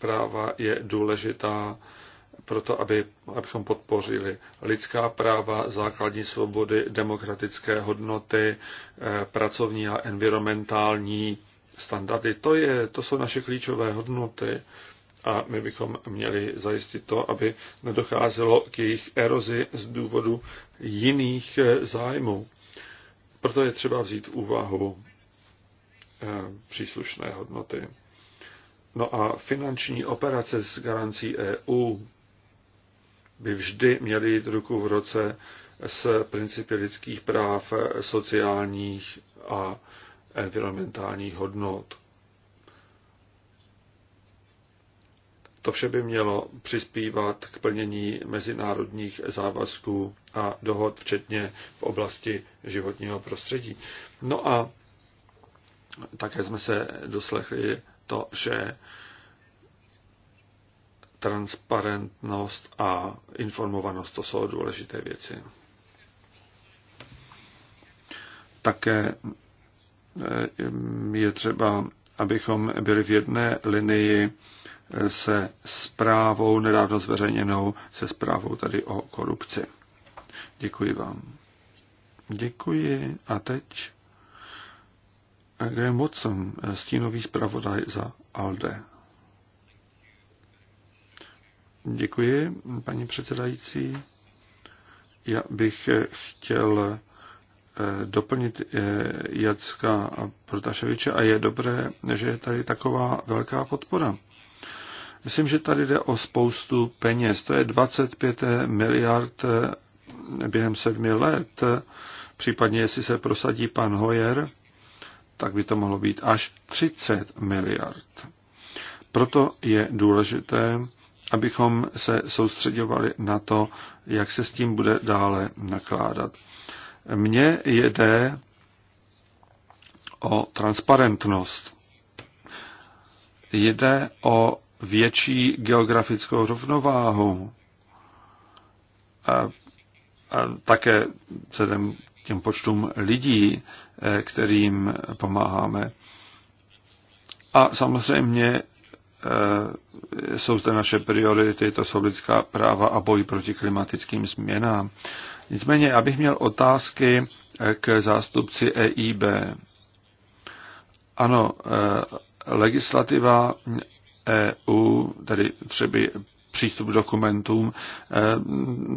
práva je důležitá proto, aby, abychom podpořili lidská práva, základní svobody, demokratické hodnoty, eh, pracovní a environmentální standardy. To, je, to jsou naše klíčové hodnoty a my bychom měli zajistit to, aby nedocházelo k jejich erozi z důvodu jiných eh, zájmů. Proto je třeba vzít v úvahu eh, příslušné hodnoty. No a finanční operace s garancí EU by vždy měly jít ruku v roce s principy lidských práv, sociálních a environmentálních hodnot. To vše by mělo přispívat k plnění mezinárodních závazků a dohod, včetně v oblasti životního prostředí. No a také jsme se doslechli to, že transparentnost a informovanost to jsou důležité věci. Také eh, je třeba, abychom byli v jedné linii eh, se zprávou nedávno zveřejněnou, se zprávou tady o korupci. Děkuji vám. Děkuji a teď Graham Watson, eh, stínový zpravodaj za ALDE. Děkuji, paní předsedající. Já bych eh, chtěl eh, doplnit Jacka Protaševiče a je dobré, že je tady taková velká podpora. Myslím, že tady jde o spoustu peněz. To je 25 miliard během sedmi let, případně jestli se prosadí pan Hoyer, tak by to mohlo být až 30 miliard. Proto je důležité, abychom se soustředovali na to, jak se s tím bude dále nakládat. Mně jde o transparentnost. Jde o větší geografickou rovnováhu. A, a také vzhledem těm počtům lidí, eh, kterým pomáháme. A samozřejmě eh, jsou zde naše priority, to jsou lidská práva a boj proti klimatickým změnám. Nicméně, abych měl otázky eh, k zástupci EIB. Ano, legislativa EU, tedy třeba přístup k dokumentům. Eh,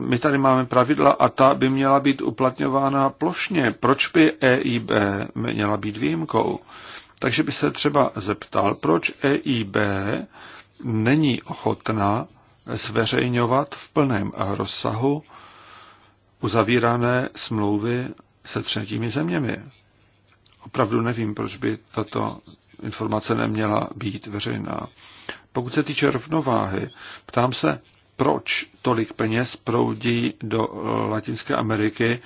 my tady máme pravidla a ta by měla být uplatňována plošně. Proč by EIB měla být výjimkou? Takže by se třeba zeptal, proč EIB není ochotná zveřejňovat v plném rozsahu uzavírané smlouvy se třetími zeměmi. Opravdu nevím, proč by tato informace neměla být veřejná. Pokud se týče rovnováhy, ptám se, proč tolik peněz proudí do eh, Latinské Ameriky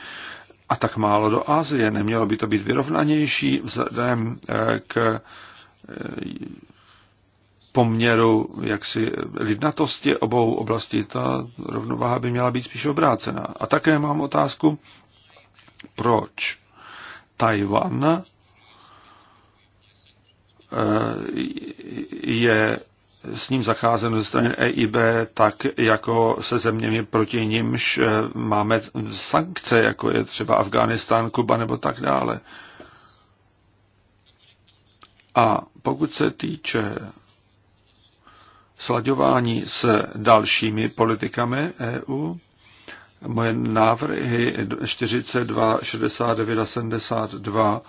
a tak málo do Asie. Nemělo by to být vyrovnanější vzhledem eh, k eh, poměru jaksi lidnatosti obou oblastí. Ta rovnováha by měla být spíš obrácená. A také mám otázku, proč Tajvan Eh, je s ním zacházeno ze strany EIB tak, jako se zeměmi proti nímž eh, máme sankce, jako je třeba Afghánistán, Kuba nebo tak dále. A pokud se týče sladování s dalšími politikami EU, moje návrhy 42, 69 a 72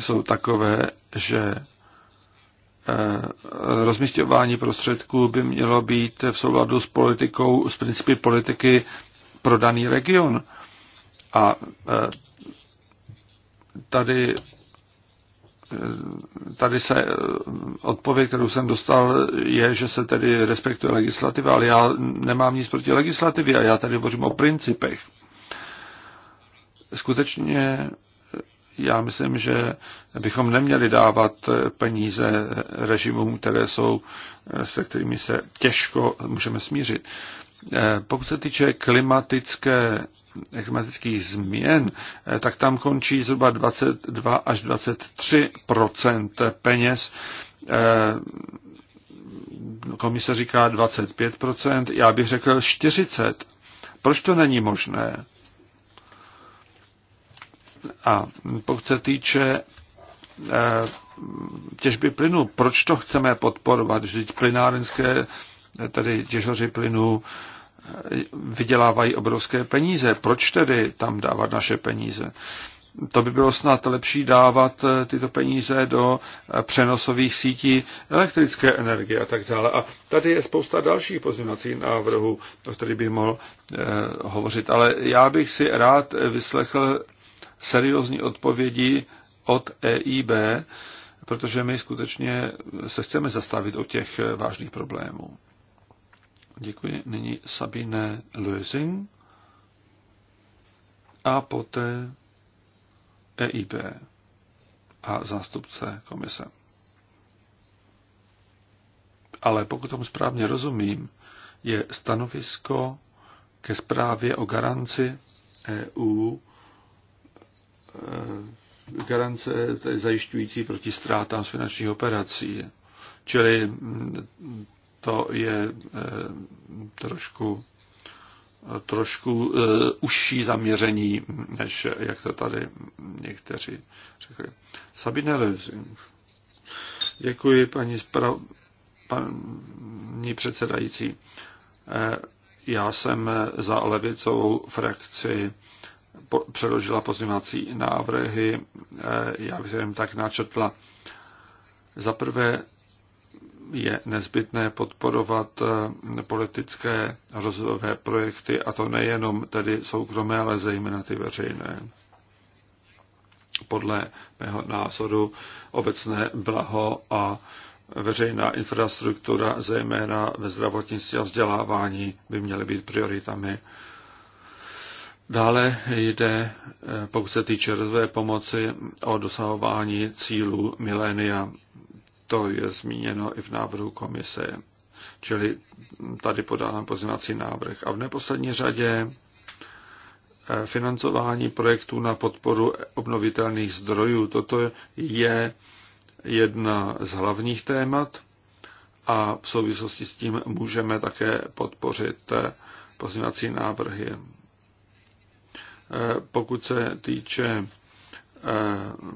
jsou takové, že eh, rozmístěvání prostředků by mělo být v souladu s politikou, s principy politiky pro daný region. A eh, tady, eh, tady se odpověď, kterou jsem dostal, je, že se tedy respektuje legislativa, ale já nemám nic proti legislativě a já tady hovořím o principech. Skutečně já myslím, že bychom neměli dávat peníze režimům, které jsou, se kterými se těžko můžeme smířit. Pokud se týče klimatické klimatických změn, tak tam končí zhruba 22 až 23 peněz. Komise říká 25 já bych řekl 40 Proč to není možné? A pokud se týče eh, těžby plynu, proč to chceme podporovat? Vždyť plynárenské, eh, tedy těžoři plynu, eh, vydělávají obrovské peníze. Proč tedy tam dávat naše peníze? To by bylo snad lepší dávat tyto peníze do přenosových sítí elektrické energie a tak dále. A tady je spousta dalších pozměňovacích návrhů, o kterých bych mohl eh, hovořit. Ale já bych si rád vyslechl seriózní odpovědi od EIB, protože my skutečně se chceme zastavit o těch vážných problémů. Děkuji. Nyní Sabine Lösing a poté EIB a zástupce komise. Ale pokud tomu správně rozumím, je stanovisko ke zprávě o garanci EU Eh, garance eh, zajišťující proti ztrátám z finančních operací. Čili mm, to je eh, trošku, trošku užší zaměření, než jak to tady někteří řekli. Sabine Lezing. Děkuji, paní, spra... paní předsedající. Já jsem za levicovou frakci předložila pozměňovací návrhy, já bych jen tak načetla. Za prvé je nezbytné podporovat eh, politické rozvojové projekty, a to nejenom tedy soukromé, ale zejména ty veřejné. Podle mého názoru obecné blaho a veřejná infrastruktura, zejména ve zdravotnictví a vzdělávání, by měly být prioritami Dále jde, eh, pokud se týče rozvoje pomoci, o dosahování cílů milénia. To je zmíněno i v návrhu komise. Čili tady podávám pozměňovací návrh. A v neposlední řadě eh, financování projektů na podporu obnovitelných zdrojů. Toto je jedna z hlavních témat a v souvislosti s tím můžeme také podpořit eh, pozměňovací návrhy pokud se týče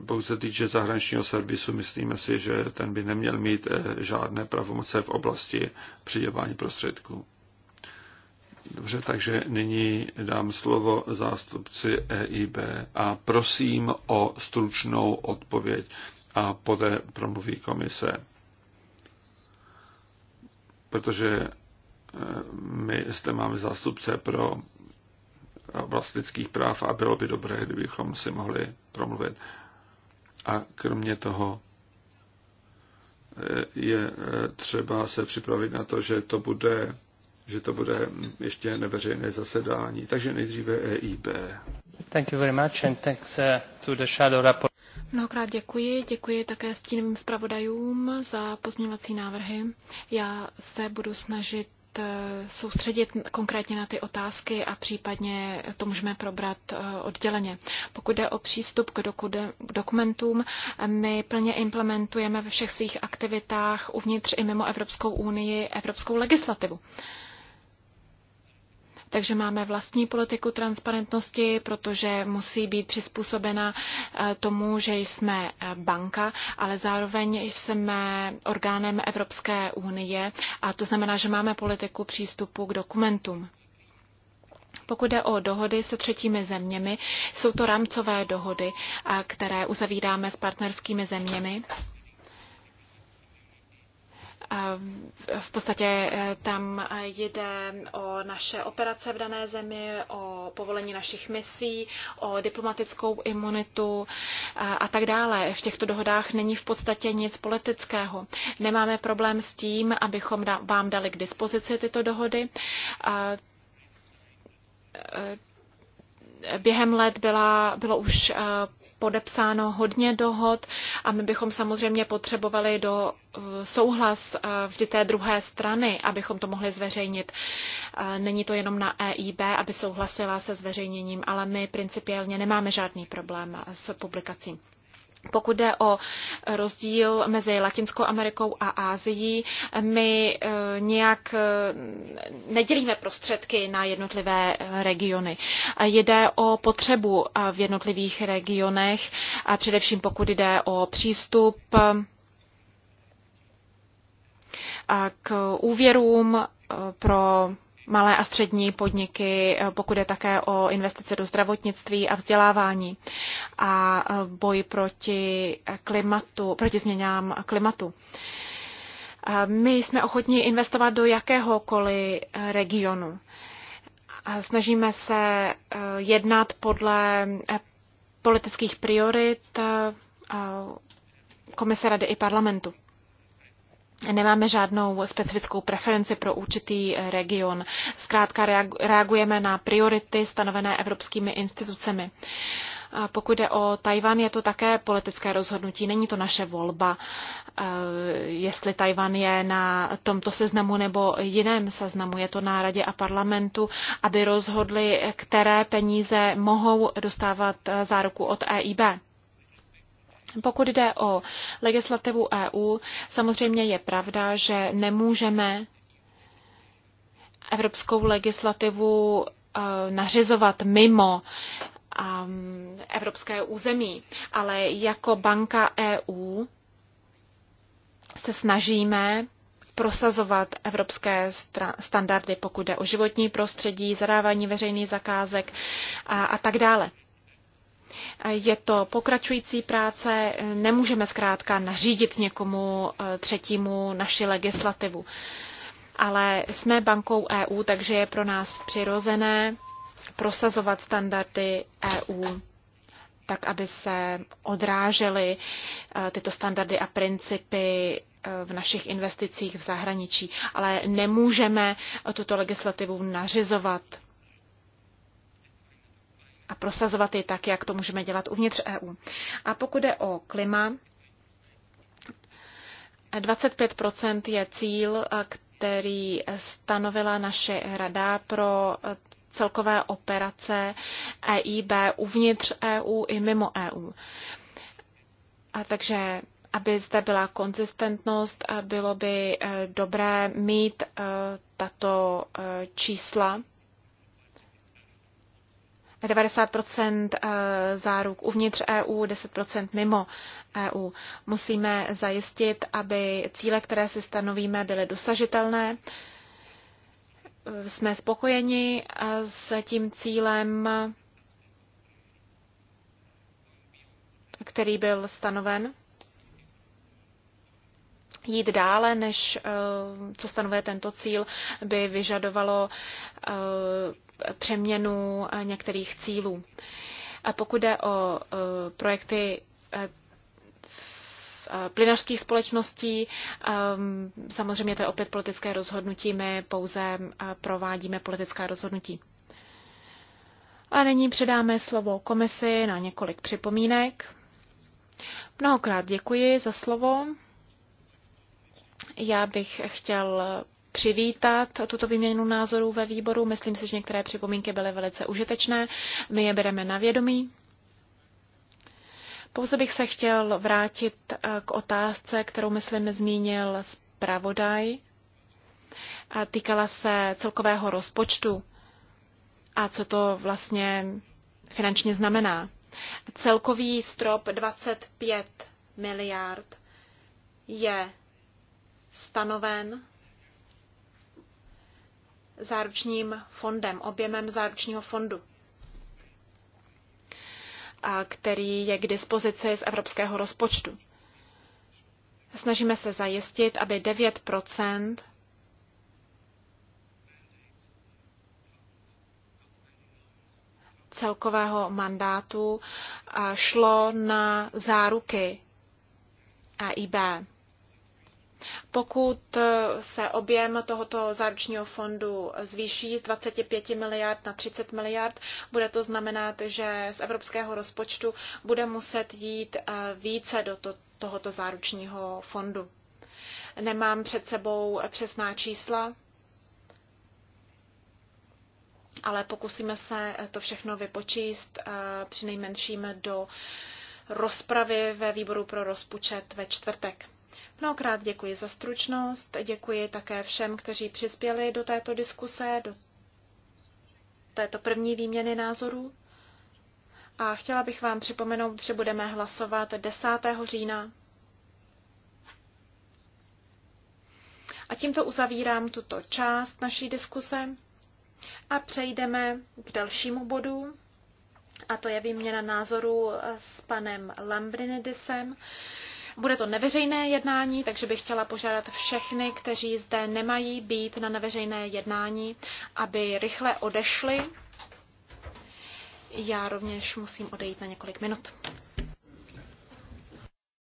pokud se týče zahraničního servisu, myslíme si, že ten by neměl mít eh, žádné pravomoce v oblasti přidělování prostředků. Dobře, takže nyní dám slovo zástupci EIB a prosím o stručnou odpověď a poté promluví komise. Protože eh, my zde máme zástupce pro oblast lidských práv a bylo by dobré, kdybychom si mohli promluvit. A kromě toho eh, je eh, třeba se připravit na to, že to bude, že to bude ještě neveřejné zasedání. Takže nejdříve EIB. Thank you very much and thanks eh, to the shadow report. Mnohokrát děkuji. Děkuji také stínovým zpravodajům za pozměňovací návrhy. Já se budu snažit Eh, soustředit konkrétně na ty otázky a případně to můžeme probrat eh, odděleně. Pokud jde o přístup k dokumentům, my plně implementujeme ve všech svých aktivitách uvnitř i mimo Evropskou unii evropskou legislativu. Takže máme vlastní politiku transparentnosti, protože musí být přizpůsobena eh, tomu, že jsme eh, banka, ale zároveň jsme orgánem Evropské unie a to znamená, že máme politiku přístupu k dokumentům. Pokud jde o dohody se třetími zeměmi, jsou to rámcové dohody, eh, které uzavíráme s partnerskými zeměmi v podstatě eh, tam eh, jde o naše operace v dané zemi, o povolení našich misí, o diplomatickou imunitu eh, a tak dále. V těchto dohodách není v podstatě nic politického. Nemáme problém s tím, abychom vám dali k dispozici tyto dohody během let byla, bylo už podepsáno hodně dohod a my bychom samozřejmě potřebovali do eh, souhlas eh, vždy té druhé strany, abychom to mohli zveřejnit. Eh, není to jenom na EIB, aby souhlasila se zveřejněním, ale my principiálně nemáme žádný problém s publikací. Pokud jde o rozdíl mezi Latinskou Amerikou a Ázií, my eh, nějak eh, nedělíme prostředky na jednotlivé eh, regiony. Jde o potřebu v jednotlivých regionech, a především pokud jde o přístup k úvěrům pro malé a střední podniky, eh, pokud je také o investice do zdravotnictví a vzdělávání a eh, boj proti klimatu, proti změnám klimatu. Eh, my jsme ochotní investovat do jakéhokoliv regionu. Snažíme se jednat podle politických priorit Komise Rady i parlamentu. Nemáme žádnou specifickou preferenci pro určitý eh, region. Zkrátka reagujeme na priority stanovené evropskými institucemi. Pokud jde o Tajvan, je to také politické rozhodnutí, není to naše volba, eh, jestli Tajvan je na tomto seznamu nebo jiném seznamu. Je to na radě a parlamentu, aby rozhodli, které peníze mohou dostávat eh, záruku od EIB. Pokud jde o legislativu EU, samozřejmě je pravda, že nemůžeme evropskou legislativu eh, nařizovat mimo ehm, evropské území, ale jako banka EU se snažíme prosazovat evropské standardy, pokud jde o životní prostředí, zadávání veřejných zakázek a, a tak dále. Je to pokračující práce, nemůžeme zkrátka nařídit někomu eh, třetímu naši legislativu. Ale jsme bankou EU, takže je pro nás přirozené prosazovat standardy EU tak, aby se odrážely eh, tyto standardy a principy eh, v našich investicích v zahraničí. Ale nemůžeme tuto legislativu nařizovat a prosazovat je tak, jak to můžeme dělat uvnitř EU. A pokud jde o klima, 25 je cíl, který stanovila naše rada pro celkové operace EIB uvnitř EU i mimo EU. A takže aby zde byla konzistentnost, bylo by eh, dobré mít eh, tato eh, čísla 90 eh, záruk uvnitř EU, 10 mimo EU. Musíme zajistit, aby cíle, které si stanovíme, byly dosažitelné. Jsme spokojeni eh, s tím cílem, který byl stanoven. Jít dále, než eh, co stanovuje tento cíl, by vyžadovalo přeměnu eh, některých cílů. A pokud jde o eh, projekty eh, plynařských společností. Ehm, samozřejmě to je opět politické rozhodnutí, my pouze provádíme politická rozhodnutí. A nyní předáme slovo komisi na několik připomínek. Mnohokrát děkuji za slovo. Já bych chtěl přivítat tuto výměnu názorů ve výboru. Myslím si, že některé připomínky byly velice užitečné. My je bereme na vědomí. Pouze bych se chtěl vrátit eh, k otázce, kterou, myslím, zmínil zpravodaj. A týkala se celkového rozpočtu a co to vlastně finančně znamená. Celkový strop 25 miliard je stanoven záručním fondem, objemem záručního fondu, a který je k dispozici z evropského rozpočtu. Snažíme se zajistit, aby 9 celkového mandátu šlo na záruky EIB. Pokud eh, se objem tohoto záručního fondu zvýší z 25 miliard na 30 miliard, bude to znamenat, že z evropského rozpočtu bude muset jít eh, více do to, tohoto záručního fondu. Nemám před sebou přesná čísla, ale pokusíme se eh, to všechno vypočíst při nejmenším do rozpravy ve výboru pro rozpočet ve čtvrtek. Mnohokrát děkuji za stručnost, děkuji také všem, kteří přispěli do této diskuse, do této první výměny názorů. A chtěla bych vám připomenout, že budeme hlasovat 10. října. A tímto uzavírám tuto část naší diskuse a přejdeme k dalšímu bodu, a to je výměna názorů s panem Lambrinidisem, bude to neveřejné jednání, takže bych chtěla požádat všechny, kteří zde nemají být na neveřejné jednání, aby rychle odešli. Já rovněž musím odejít na několik minut.